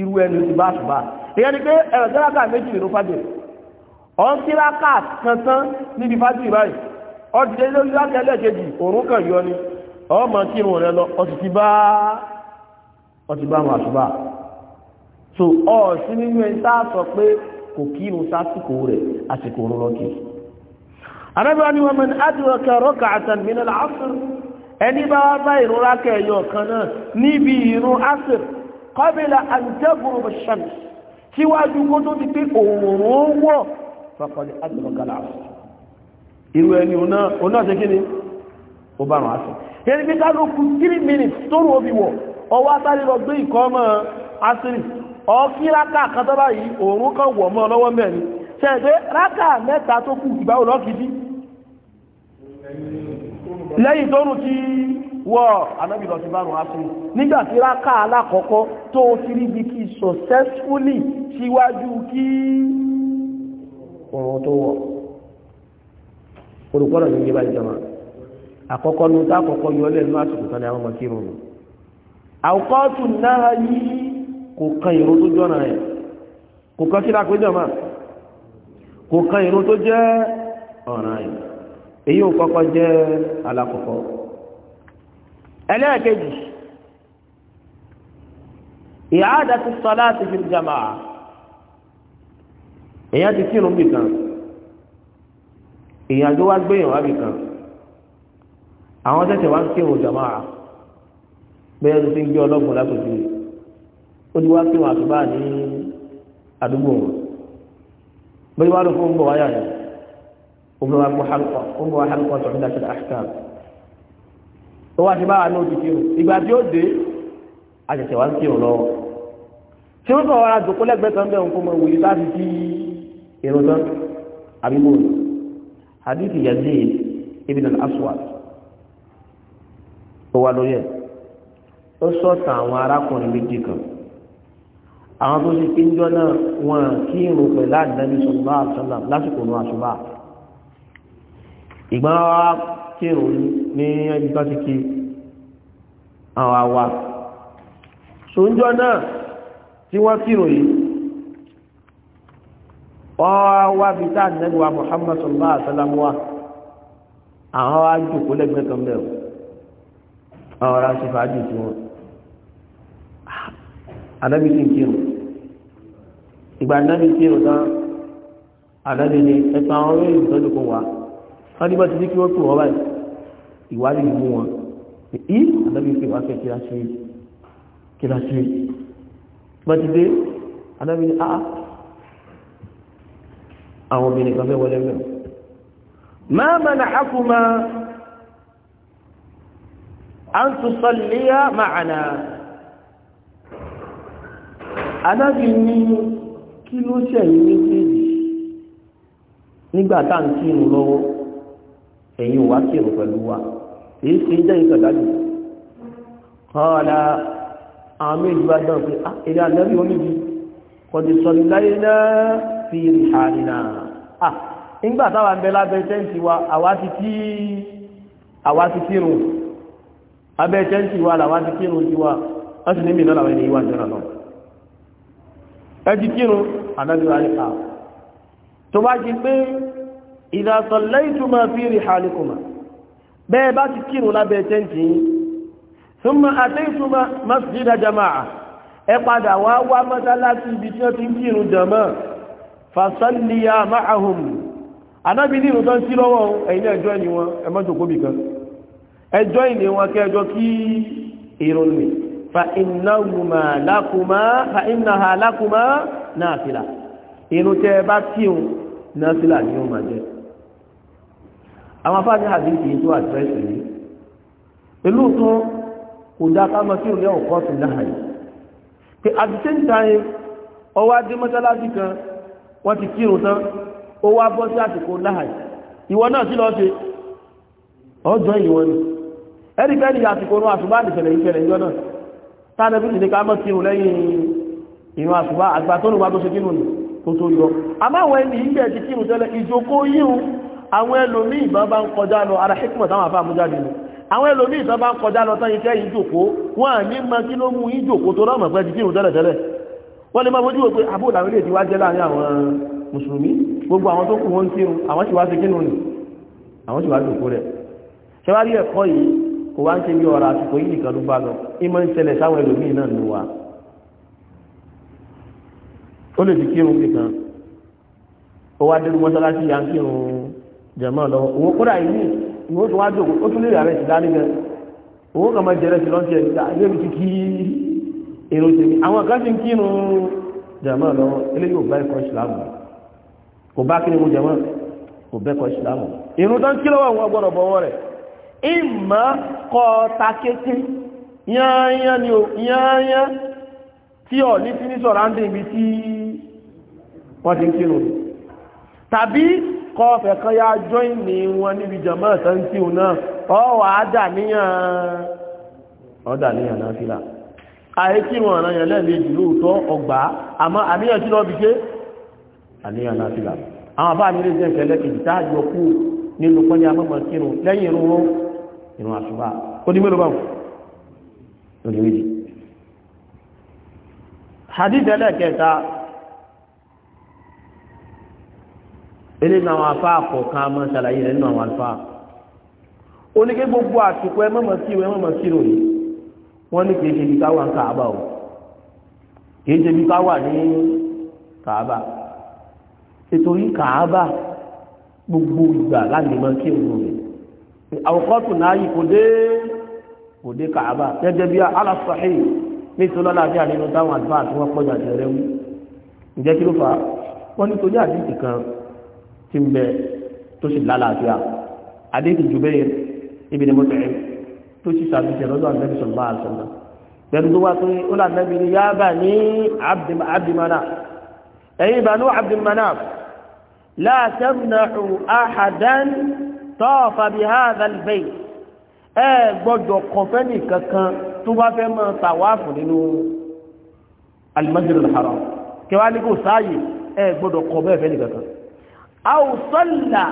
A: irú ẹni tí bá àtúbà ìyẹn ni pé ẹ̀rọ tí rákà méjì lè ló fàjẹ̀ ọ̀n tí rákà kan tán níbi fàjẹ̀ báyìí ọ̀dìdẹ́ lórí rákà ẹlẹ́ẹ̀kejì òrùn kan yọ ni ọmọ kírun rẹ lọ ọtí ti bá ọtí bá wọn àtúbà so ọ̀ sí nínú ẹ̀ tá sọ pé kò kírun sásìkò rẹ̀ àsìkò òun lọ́kì arábìnrin ni wọ́n mọ̀ ní adraka rak'atan min al-'asr ẹni bá wá bá ìrun rákà ẹ̀yọ̀ kan náà níbi ìrun asr qabla an taghrub ash-shams síwájú kó tó ti pé òòrùn ọ̀kí rákà kan tó báyìí òórùn kan wọ̀ mọ́ lọ́wọ́ mẹ́rin ṣẹ̀dẹ́ rákà mẹ́ta tó kù ìgbàwó lọ́kì sí lẹ́yìn tó rùn ti wọ́ anábì lọ sí bárùn asùn nígbà rákà alákọ̀ọ́kọ́ tó ti rí bí kí successfully síwájú kí òórùn tó wọ̀ olùkọ́rọ̀ ní ìgbà ìjọba àkọ́kọ́ ní ó tá àkọ́kọ́ yọ lẹ́nu àsìkò tán ni àwọn ọmọ kírun àwùkọ́ tún náà yìí kò kan ìrun tó jọ́nà ẹ̀ kò kan kí lápéjọ máa kò kan ìrun tó jẹ́ ọ̀ràn ẹ̀ èyí ò kọ́kọ́ jẹ́ alákọ̀ọ́kọ́ ẹlẹ́ẹ̀kejì ìhádà ti sọ láti fi jàmà èyàn ti kírun bì kan èyàn tó wá gbéyàn wá bì kan àwọn tẹ̀sẹ̀ wá kírun jàmà bẹ́ẹ̀ ló ti ń gbé ọlọ́gbọ̀n lápòjú rẹ̀ ó ti wá kí wọn àtúbà ní àdúgbò wọn bóyá wàá lọ fún ọgbọ wáyà ni ọgbọ wa kó hàlùkọ ọgbọ wa hàlùkọ tó ń dàtí àṣìkà ó wá sí báwa náà ti kírun ìgbà tí ó dé àṣẹṣẹ wá ń kírun lọ́wọ́ tí wọn fọwọ́ ara dòkó lẹ́gbẹ̀ẹ́ kan bẹ́ẹ̀ nǹkan mọ̀ wòye láti fi èrò tán àbíbò hadithi Yazid ibn al-Aswad ó wá lórí ó sọ̀tàn àwọn arákùnrin méjì kan àwọn tó ṣe pé ń jọ náà wọn kí irun pẹ̀lú àdáni sọ̀rọ̀ àṣọlá lásìkò náà àṣùbà ìgbà wa kírun ní ẹbí tó ti kí àwọn àwa ṣòǹjọ náà tí wọ́n kírun yìí wọ́n wá bí tá àdínẹ́bí wa Muhammad sallallahu alaihi wasallam wa àwọn ajòkó lẹ́gbẹ̀ẹ́ anábì ti ń kírun ìgbà anábì kírun tán anábì ni ẹ̀ka àwọn ọ̀rẹ́ ìtọ́jú kan wà wọ́n ní bá ti ní kí wọ́n pè wọ́n báyìí ìwádìí mú wọn ìyí anábì pè wá fẹ́ kí a ṣe kí a ṣe bá ti dé anábì ni áá ah, ah. àwọn obìnrin kan fẹ́ wọlé mẹ́rin máa mẹ́nà ákùnmá an tusalliya ma'ana adábi ní kí ló ṣẹ̀yìn méjèèjì nígbà ń kírun lọ́wọ́ ẹ̀yin wá kírun pẹ̀lú wa èyí ṣe ń jẹ́ ìkàdájú kọ́ọ̀lá àwọn méjì bá dáhùn pé eré adábi oníbi láyé náà fi rí àrìnà à nígbà táwa ń bẹ lábẹ́ tẹ́ǹtì wa àwa ti kí àwa ti kírun abẹ́ tẹ́ǹtì wa làwa ti kírun tiwa wọ́n sì ní mìíràn ènìyàn wà jọ́nà ẹjí kírun anábíwá ní ká tó bá jí pé ìdàtọ̀lẹ́ ìtumọ̀ fi rí halikuma bẹ́ẹ̀ bá ti kírun lábẹ́ tẹ́ǹtì súnmọ́ àtẹ́ìtumọ̀ masjida jama'a ẹ padà wá wá mọ́sálásí ibi tí ó ti kírun jama fasalliya ma'ahum anábí tó ń sí lọ́wọ́ ẹ̀yìn ẹjọ́ ìní wọn ẹ فإنهما لكما فإنها لكما نافلة إنو تباتيو نافلة يوم جاء أما فاجة حديث يتوى أدريسي ìlúùtún kò dá kámọ́ sí ìrìn ọ̀kọ́ sí láàáyì pé at the same time kan wọ́n ti kírun tán ó wá bọ́ sí àsìkò láàáyì ìwọ náà sí lọ́ọ́ ṣe ọjọ́ ìwọ ni àsìkò náà àtúbá nìṣẹ̀lẹ̀ ìṣẹ̀lẹ̀ ìjọ náà tánàbí ti ní ká mọ́ tí ó lẹ́yìn ìrìn àṣùwá àgbà tó lùwà tó ṣe kínú tó tó yọ àmáwọn ẹni ìgbẹ̀ ti kírù tẹ́lẹ̀ ìjókó yíhun àwọn ẹlòmí ìbọn bá ń kọjá lọ ara ṣíkùmọ̀ táwọn àfáà mú jáde lọ àwọn ẹlòmí ìbọn bá ń kọjá lọ tán iṣẹ́ ìjòkó wọn à ní mọ kí ló mú ìjòkó tó rọmọ̀ pẹ́ ti kírù tẹ́lẹ̀ kò wá ń ṣe bí ọ̀rọ̀ àsìkò yìí nìkan ló bá lọ ìmọ̀ ń ṣẹlẹ̀ sáwọn ẹlòmíì náà ló wà ó lè fi kírun nìkan ó wá dé mọ́sálásí yà ń kírun jẹ̀mọ́ lọ́wọ́ òun kódà yìí ìwọ tó wá dòkó ó tún lè rẹ̀ sí dání gan òun kàn máa jẹrẹ sí lọ́sẹ̀ níta ilé mi ti kí irun tèmi àwọn kan ti ń kírun jẹ̀mọ́ lọ́wọ́ eléyìí ò bá ẹ̀kọ́ ìsìlámù kò bá kí ni mo jẹ̀mọ́ kò bẹ́ẹ̀kọ́ ìsìlámù irun tó ń kí lọ́wọ́ ìmọ̀ kọ́ ta kété ni o yányán tí ọ̀ ní ndị ibi tí wọ́n ti ń tàbí kọ́ ọ̀fẹ́ kan yá join ní wọn níbi jọmọ́ ìtàn tí ò náà ọwà àdàníyàn ọdàníyàn náà fílà àìkírun na yẹn lẹ́ẹ̀mejì jẹ́ kú nínú lẹ́yìn irun ìrun àṣùbà ó ní mélòó báwọn ó ní méjì hadith ẹlẹ́kẹta ilé nínú àwọn afá àkọ̀ọ̀kan mọ́ ṣàlàyé rẹ̀ nínú àwọn alfa ó ní kí gbogbo àsìkò ẹ mọ̀mọ̀ sí ìwẹ̀ mọ̀mọ̀ sí ìròyìn wọ́n ní kìí ṣe bí káwà ń kàábà o kìí ṣe bí káwà ní kàábà nítorí kàábà gbogbo ìgbà láti mọ́ kí òun rẹ̀ àwòkọ́tù náà yìí kò dé kò dé kàába gẹ́gẹ́ bí alasọ́hìn nítorí ọlọ́dẹ àdínú táwọn àdúrà tí wọ́n pọ̀jà tẹ̀rẹ̀ mú ǹjẹ́ kí ló fà á wọ́n nítorí àdínkì kan ti ń bẹ tó sì lálàáfíà àdínkì jù bẹ́ẹ̀ ibi ni mo tẹ̀ tó sì sàbíṣẹ́ lọ́dọ̀ àdínẹ́bí sọ̀rọ̀ bá a sọ̀rọ̀ pẹ̀lú tó wá pé ó làdínẹ́bí ni yá ní abdimana ẹ̀yin ìbànú abdimana láàtẹ́mùnà tọ́ọ̀fà bí háàdà lẹ́yìn ẹ gbọ́dọ̀ kọfẹ́ nìkan kan tó bá fẹ́ máa tàwáàfù nínú alimajiri al-haram kẹwàá ní kò sáàyè ẹ gbọ́dọ̀ kọ bẹ́ẹ̀ fẹ́ nìkan kan a ò sọ́là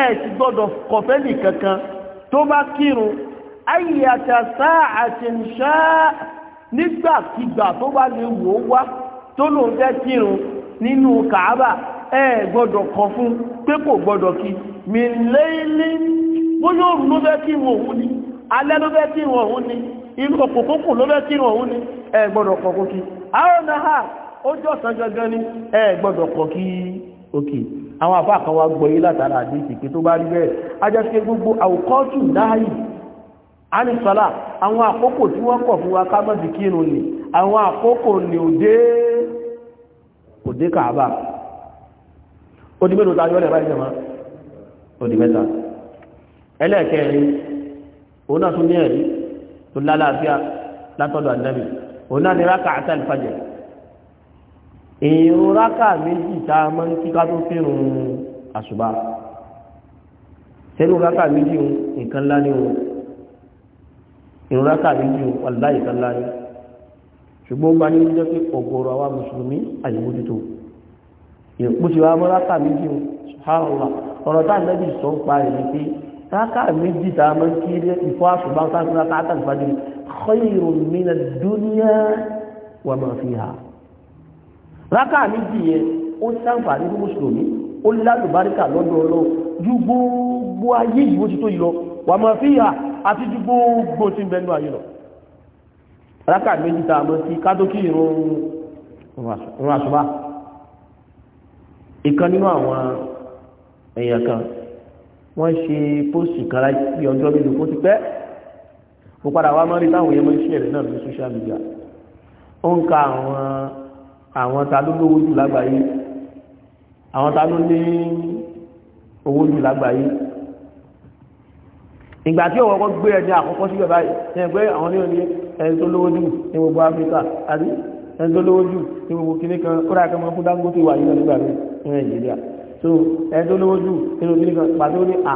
A: ẹ ti gbọ́dọ̀ kọfẹ́ nìkan tó bá kírun ayyata sáà àti ṣáà tó bá lè wò wá tó lóun kírun nínú kàábà ẹ gbọ́dọ̀ kọ fún pé kò gbọ́dọ̀ kí mìlẹ́ẹ̀lì bóyá òun ló fẹ́ kí wọn òun ni alẹ́ ló fẹ́ kí wọn òun ni inú òkòkòkò ló fẹ́ kí wọn òun ni ẹ gbọ́dọ̀ kọ̀ ha ó jọ sanjọjọ ni ẹ gbọ́dọ̀ kí òkè àwọn àbá kan gbọ́ yí látara àdéhìí pé tó bá rí bẹ́ẹ̀ gbogbo àwòkọ́tù dáhàyè àwọn àkókò tí wọ́n kọ̀ fún wa kírun ni àwọn àkókò ni òde òde ó di mẹ́ta ẹlẹ́ẹ̀kẹrin òun náà tún ní ẹ̀rí tó lálàáfíà látọ̀dọ̀ ànábì òun náà ní rákà àtàlì fàjẹ̀ èrò rákà méjì tá a máa ń kíká tó fẹ́ràn àṣùbà sẹ́nu rákà méjì nǹkan ńlá ni wọn ìrun rákà méjì wàláhì nǹkan ńlá ni ṣùgbọ́n gba ní jẹ́ pé ọ̀gọ̀rọ̀ àwa mùsùlùmí àyẹ̀wò tuntun ìpòsíwá mọ́rákà méjì ṣùgbọ́n ọ̀rọ̀ tá ànábì sọ ń parí ni pé rákà méjì tá a máa ń kí ìfọ́ àṣùbá sáfún rákà àtàlùfájú khayrun mina dunya wa ma fiha rákà méjì yẹn ó ṣàǹfààní fún mùsùlùmí ó lálùbáríkà lọ́dọ̀ ọlọ́run ju gbogbo ayé yìí ti tó yìí lọ wa ma fiha àti ju gbogbo tí ń bẹ nínú ayé lọ rákà méjì tá a mọ́ sí kádókì ìrún àṣùbá ìkan nínú àwọn èèyàn kan wọ́n ṣe póòsì kan láti bí ọjọ́ mélòó kó ti pẹ́ mo padà wá mọ́rí táwọn èèyàn máa ń ṣe ẹ̀rẹ́ náà ní social media ó ń ka àwọn àwọn ta ló lówó jù lágbàáyé àwọn ta ló ní owó jù lágbàáyé ìgbà tí ọ̀wọ́ gbé ẹni àkọ́kọ́ síbẹ̀ báyìí ẹni pé àwọn ní òní ẹni tó lówó jù ní gbogbo Áfíríkà àti ẹni tó lówó jù ní gbogbo kìnnìkan ó rà kẹ́mọ́ fún Dangote wà yìí lọ nígbà mí ní Nàìjíríà so ẹ̀ẹ́dọ́ lówó jù nínú ilé kan pàtó ní à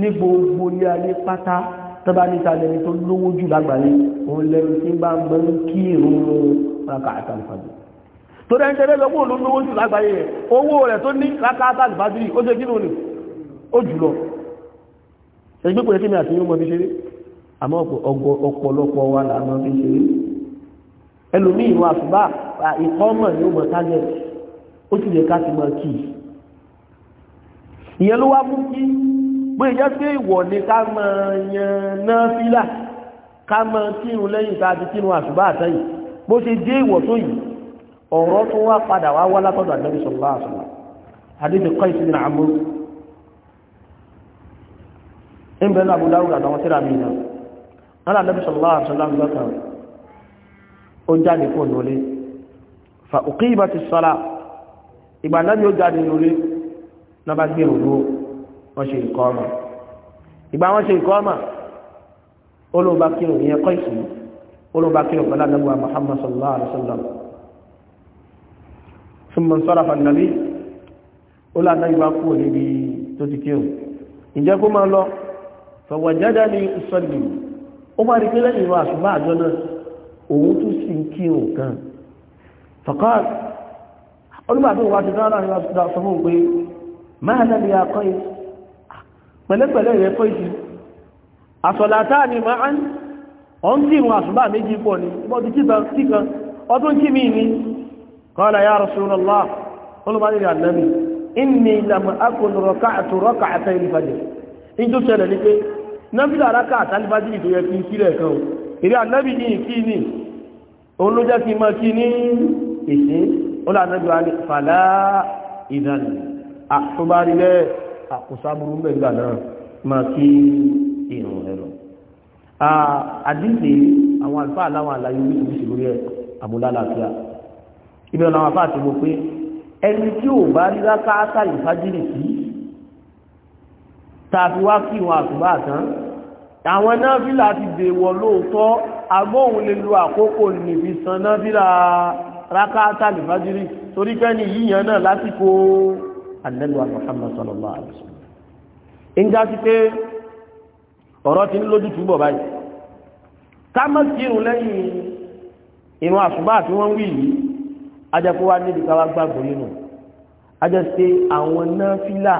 A: ní gbogbo ilé ayé pátá tó bá níta lẹ́ni tó lówó jù lágbàáyé òun lẹ́nu tí bá ń gbọ́n kí ìrún rákà àtàlùfàjì tó rẹ̀ ń ó ṣe ni àti yóò mọ fi ṣeré àmọ́ ọ̀pọ̀lọpọ̀ wa là mọ fi ṣeré ẹlòmíì wà fún bá ìkọ́mọ̀ ni ó mọ tágẹ̀tì ó sì lè ká ti mọ kíì ìyẹn ló wá mú kí bóyá jẹ́ pé ìwọ̀ ni ká máa yan náà fílà ká máa kírun lẹ́yìn tá a ti kírun àṣùbá àtẹ́yìn bó ṣe dé ìwọ̀ tó yìí ọ̀rọ̀ tó wá padà wá wá látọ̀dọ̀ àdébí sọ̀rọ̀ àṣùbá àdébí kọ́ ìsinmi nà àmúrú ń bẹ̀rẹ̀ àbúdáwùd àtàwọn tíra mi náà wọ́n là àdébí sọ̀rọ̀ àṣùbá ń ó jáde kó nulẹ̀ fa òkè ìbá ti sọ́ra ìgbà náà ni ó jáde nulẹ̀ náà bá gbé òru wọn ṣe nǹkan ọmọ ìgbà wọn ṣe nǹkan ọmọ olóòbá kírun yẹn kọ́ ìsìn olóòbá kírun pẹ̀lú àdàgbà Muhammad sallallahu alaihi wasallam ثم انصرف النبي ọlá àdáyíwá kúrò níbi tó ti kírùn ìjẹ́ kó máa lọ fọwọ̀jádá ní ìsọ́lì ó bá rí pé lẹ́yìn ìwà àṣùbá àjọ náà òun tún sì ń kírùn kan fọ̀kọ́ olùgbà tó ti dára ní wàá sọ fún pé
B: máa lẹ́lẹ́ akọ́
A: yìí pẹ̀lẹ́pẹ̀lẹ́ rẹ̀ kọ́ ìsìn àsọ̀látà ni máa ń ọ̀n tí ìrùn àṣùbà méjì pọ̀ ní bọ́dí kíkan ọdún kí mi ní kọ́lá ya Rasulullah olùbádìrí ànábì inni lam akun raka'tu raka'ata al-fajr injú ṣẹlẹ̀ ní pé náfílà raka'ata al-fajr tó yẹ kí tó bá rí bẹ́ẹ̀ àkùsáburú bẹ̀gbà náà máa kí ìrùn rẹ̀ lọ àdíṣe àwọn àlùfáà aláwọn àlàyé oríṣiríṣi lórí ẹ̀ àbúlálàáfíà ibi ọ̀nà àwọn àfáà ti mọ̀ pé ẹni tí ò bá rí lákàtà ìfájìrì sí tàbí wá kí wọn àtúbà tán àwọn náfìlà ti dèwọ̀ lóòótọ́ agbóhun lè lo àkókò nìfi náfìlà rákàtà ìfájìrì torí kẹ́ni yíyan náà lásìkò anẹ́lúwà Muhammad sallallahu alaihi wasallam ń já sí pé ọ̀rọ̀ ti ń lójú túbọ̀ báyìí ká mọ́ sí irun lẹ́yìn irun àṣùbá àti wọ́n wí yìí ajẹ́kọ́ wa níbi ká wá gbàgbọ́ nínú ajẹ́ sí àwọn náfìlà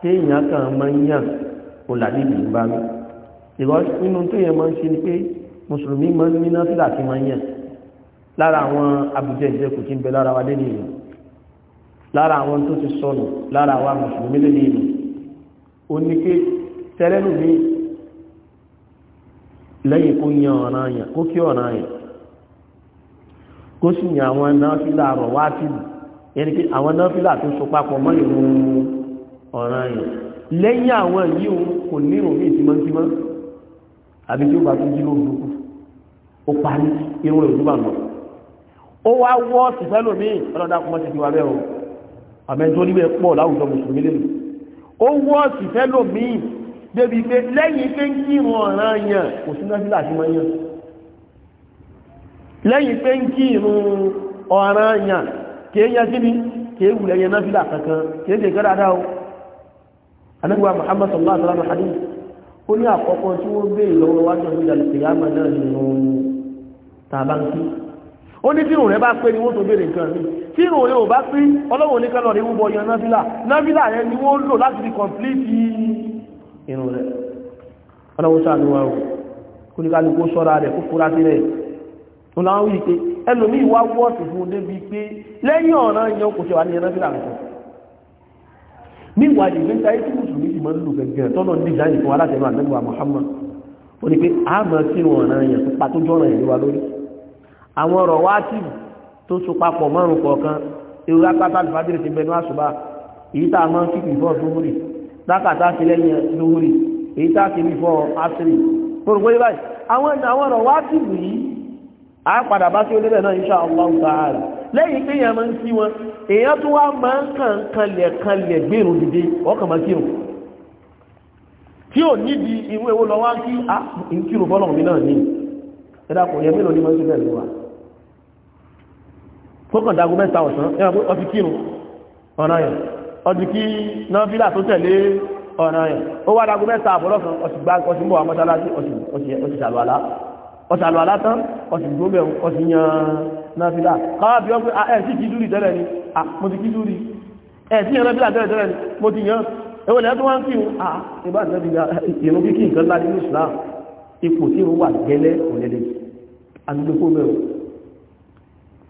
A: téèyàn kan máa ń yàn kò làdí ìlú bá mi ìrọ̀ nínú téèyàn máa ń ṣe ni pé mùsùlùmí máa ń ní náfìlà tí máa ń yàn lára àwọn àbújá ìjẹkù tí ń bẹ lára wa dé lára àwọn tó ti sọnù lára àwọn mùsùlùmí lèlè ìlú o ní pé tẹ́lẹ́nù ní lẹ́yìn kó yan ọ̀ràn àyàn kó kí ọ̀ràn àyàn kó sì yan àwọn náfìlà rọ̀ wá tìlù ẹni pé àwọn náfìlà tó so papọ̀ mọ́ ìlú ọ̀ràn àyàn lẹ́yìn àwọn yìí o mi ọlọ́dà kọ́mọ́sí ti àmẹ́jọ́ níbẹ̀ pọ̀ láwùjọ mùsùlùmí lẹ́nu ó wọ́ sí fẹ́lò míì débi pé lẹ́yìn pé ń kírun ọ̀ràn yàn kò sí náà síláàtí mọ́ yàn lẹ́yìn pé ń kírun ọ̀ràn yàn kìí yẹn sí ni kìí wùlẹ̀ yẹn náà síláà kankan kìí ṣe kẹ́rẹ́ adá o anábíwá Muhammad sallallahu alaihi wa sallam hadith ó ní àkọ́kọ́ ó ní tírùn rẹ̀ bá pé ni wọ́n tó béèrè nǹkan mi tírùn rẹ̀ ò bá pé ọlọ́run oníkan lọ rí wúbọ yan náfìlà náfìlà yẹn ni wọ́n lò láti fi kọ̀m̀plíìtì irun rẹ̀ ọlọ́run sàánúwà rò kó ní kálukú sọ́ra rẹ̀ kó fura sí rẹ̀ ó láwọn wí pé ẹlòmí wá wọ́ọ̀sì fún débi pé lẹ́yìn ọ̀ràn yẹn kò ṣe wà ní náfìlà nǹkan níwà ìgbé ta ikú mùsùlùmí ti máa ń lò gẹ̀gẹ̀ tọ́lọ̀ ní ìjáyìn fún alátẹ̀lú àdẹ́gbà Muhammad ó ní pé a máa sínú ọ̀ràn yẹn pàtójọ́ràn yẹn lórí àwọn ọ̀rọ̀ wá tì tó so papọ̀ márùn kọ̀ọ̀kan èrò apáta alifájìrì ti bẹnu àṣùbà èyí tá a máa ń kí before zuhuri lákàtà sí lẹ́yìn zuhuri èyí tá a kí before asiri fòrògbóyè báyìí àwọn ọ̀rọ̀ wá tì yìí a padà bá sí olóbẹ̀ náà insha Allah ta'ala lẹ́yìn pé èèyàn máa ń kí wọn èèyàn tó wá máa ń kàn kanlẹ̀ kanlẹ̀ gbèrò dìde ọkàn máa kírun tí ò nídìí irú èwo lọ wá kí a ah, ń kírun fọ́lọ̀ mi náà ní ẹ̀dá kò yẹ mélòó ní mọ́ sí bẹ́ẹ̀ lọ́wọ́ kókàn dágún mẹ́ta ọ̀sán ẹ̀rọ pé ọdí kírun ọ̀nà yẹn ọdí kí nọ́fílà tó tẹ̀lé ọ̀nà yẹn ó wá dágún mẹ́ta àbọ̀lọ́sàn ọ̀sìgbà ọ̀sìnbọ̀ àmọ́sálásí ọ̀sìṣàlùwàlá ọ̀sàlùwàlá tán ọ̀sìgbómẹ̀ ọ̀sìyàn nọ́fílà káwàbí wọ́n pé ah, ẹ̀ sí kìdúrì tẹ́lẹ̀ ni ah, mo ti kìdúrì ẹ̀ sí yẹn nọ́fílà tẹ́lẹ̀ tẹ́lẹ̀ ni mo ti yàn ẹwọ́n lẹ́tọ́ wá ń kí wọn àà ìbá ìrìn tí ó wà gẹ́lẹ́ òlẹ́lẹ́yìí àdúgbò mẹ́wọ̀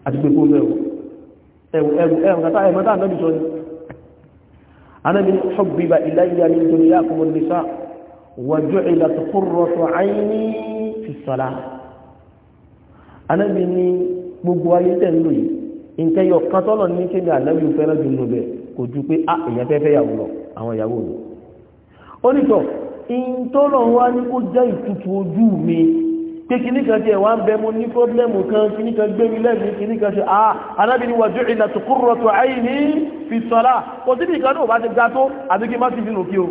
A: àdúgbò mẹ́wọ̀ ẹ̀wọ̀n kata ẹ̀mọ́ta ànábì sọ ni anábi hubbiba ilayya min dunyakum an-nisa wa ju'ilat qurratu 'ayni fi s-salah anábi ní gbogbo ayé tẹ̀ ń lò yìí nǹkan yọ kan tọ́lọ̀ ní kí ni ànábi fẹ́ràn jù nù bẹ̀ kò ju pé a ah, èèyàn fẹ́ fẹ́ yàwó lọ àwọn ìyàwó mi ó nìtọ̀ ìtọ́lọ̀ wa ní kó jẹ́ ìtutù ojú mi pé kìíní kan jẹ́ wọ́n bẹ mú ní pọ́blẹ́mù kan kìíní kan gbé mi lẹ́mí kìíní kan ṣe àà alábìnrin wà jù ìlà tòkúrọ̀ tó àyè ní fi sọ́lá kò sí nìkan náà bá ti ga tó àbí kí n má ti fi rùn kí o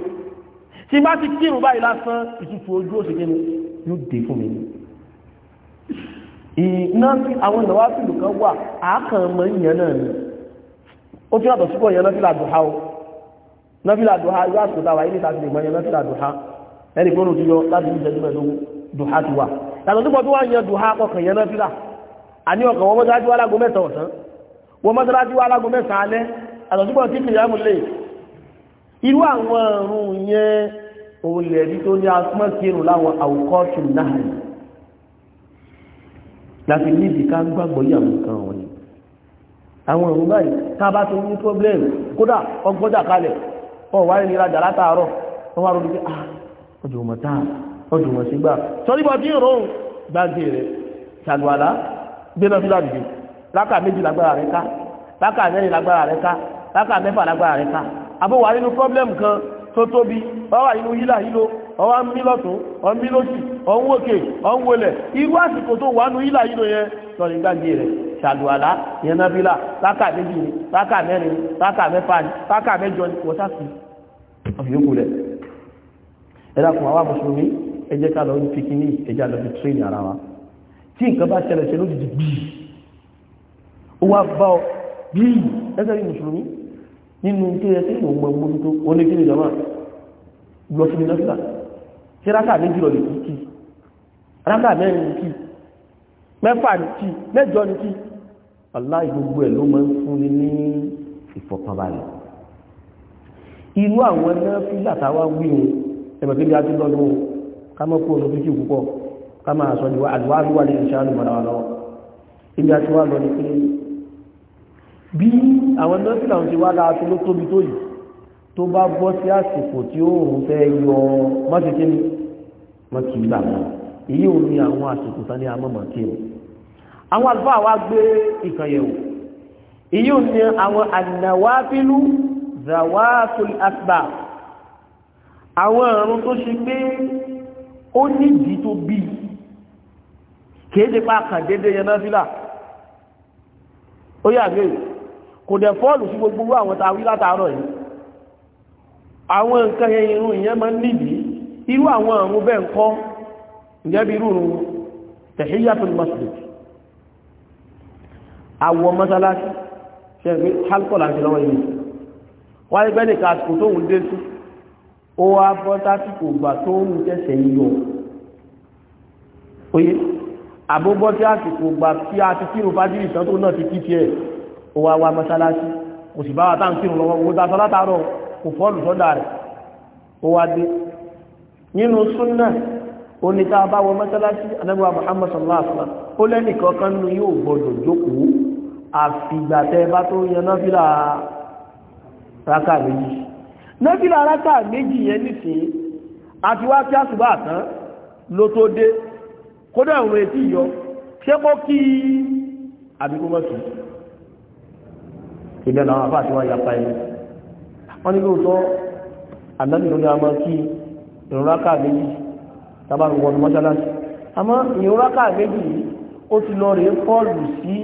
A: tí n bá ti kírun báyìí lásán ìtutù ojú òsì ni yóò dé fún mi iná sí àwọn ìnáwó àfihàn kan wà àákàn mọ ìyẹn náà ni ó tún yàtọ̀ sípò ìyẹn náfìlà dùhá o náfìlà dùhá yóò àsìkò táwa ilé ìtàkùn ìmọ̀ ìyẹn ẹnì kan ló yọ láti ní ìṣẹ́jú mẹ́ẹ̀ẹ́dógún tàbí tó gbọ́dọ̀ wá yan dùn ha kọkàn yẹn náà fílà àní ọkàn wọn mọ́sálásí wá lágo mẹ́sàn ọ̀sán wọn mọ́sálásí wá lágo mẹ́sàn alẹ́ àtọ̀sígbọ̀ tí kìí yàmù lè irú àwọn ọ̀run yẹn òun lè rí tó ní asmọ́ láwọn àwòkọ́ náà láti níbi ká a bá tó ní pọ́blẹ́mù kódà ọgbọ́dà kalẹ̀ ọ̀ wá ìnira jà látàárọ̀ wọ́n wọ́n jù wọ́n sí gbà sọ́ríbọ̀ bí ìrọ̀rùn gbáǹdé rẹ̀ ṣàlùwàlá gbéná fílà dìde láka méjì lágbára rẹ̀ ká láka mẹ́rin lágbára rẹ̀ ká láka mẹ́fà lágbára rẹ̀ ká àbúwà nínú pọ́blẹ́mù kan tó tóbi ọwà nínú yílà yílo ọwá ń mí lọ́tún ọ̀n mí lóṣì ọ̀n wòkè ọ̀n wọlẹ̀ irú àsìkò tó wà nínú yílà yílo yẹn sọ̀rí gbáǹdé rẹ̀ ṣàlùwàlá yẹn nábìlà láka méjì ni láka mẹ́rin láka mẹ́fà ni láka mẹ́jọ ni wọ́n sá sí ọ̀fìn yókù rẹ̀ ẹ̀dá kùn àwọn mùsùlùmí ẹjẹ́ ká lọ fi kí ní ẹjá lọ fi tírénì ara wa tí nǹkan bá ṣẹlẹ̀ ṣe lójijì bíi ó wá bá ọ bíi ẹgbẹ́ rí mùsùlùmí nínú tó yẹ sí ìwọ̀n gbogbo tó ó ní kí ni jọmọ́ lọ sí nọ́fíà tí rákà méjì lọ lè kí kí rákà mẹ́rin kí mẹ́fà ní kí mẹ́jọ ní kí aláì gbogbo ẹ̀ ló máa ń fúnni ní ìfọ̀kànbalẹ̀ irú àwọn náà fi látàwá wí wọn ẹ̀mọ̀ tó bí a ti lọ́dún kama mọ́ kó olóbi jù púpọ̀ ká máa sọ ni àdúrà wà ní ìṣàlù mọ́ra wa lọ́wọ́ ibi àti wà lọ ní pé bí àwọn nọ́ọ̀sìlà ti wá lára tó ló tóbi tó yìí tó bá bọ́ sí àsìkò tí ó òun fẹ́ yọ mọ́síkíní mọ́kì gbà mọ́ èyí ò ní àwọn àsìkò tán ní amọ́mọ́ àwọn àlùfáà wa gbé ìkànyẹ̀wò èyí ò ní àwọn ànàwáfílú zawatul asbab àwọn àrùn tó ṣe pé ó nídìí tó bí kéde pa kàdédé yẹn náà sílà ó yà gbé kò dẹ̀ fọ́ọ̀lù sí gbogbo àwọn tá a wí látàárọ̀ yìí àwọn nǹkan yẹn irun ìyẹn máa ń nídìí irú àwọn àrùn bẹ́ẹ̀ ń kọ́ ìyẹn bí irú tahiyyatul masjid awọ mọ́sálásí ṣe é pé hálkọ̀ làǹtí lọ́wọ́ yìí wáyé bẹ́ẹ̀ ni kàtùkù tó dé sí ó wá bọ́ tásìkò ìgbà tó ń tẹ̀sẹ̀ yíyọ oye àbúgbọ́ tí àsìkò ìgbà tí a ti kírun fájírì tán tó náà ti kí tiẹ̀ ó wá wá mọ́sálásí kò sì bá wa táwọn kírun lọ́wọ́ wo dáṣọ látàárọ̀ kò fọ́ọ̀lù sọ́dà rẹ̀ ó wá dé nínú súnnà oníta bá wọ mọ́sálásí anábíwá Muhammad sallallahu alaihi wasallam ó lẹ́nìkan kan nu yóò gbọdọ̀ jókòó àfìgbà bá tó yan náà fílà rákà méjì nẹ́bílà aráta méjì yẹn nìsín àti wá kí àsùbá àtán ló tó dé kódà òun etí yọ ṣé kó kí àbíkú mọ́sí ìbẹ̀ làwọn afá àti wá yapa ẹni wọ́n ní lóòótọ́ àdájọ́ ní a máa kí ìrọ̀ráká méjì tàbí àwọn ọmọ mọ́ṣáláṣí àmọ́ ìrọ̀ráká méjì yìí ó ti lọ rèé fọ́ọ̀lù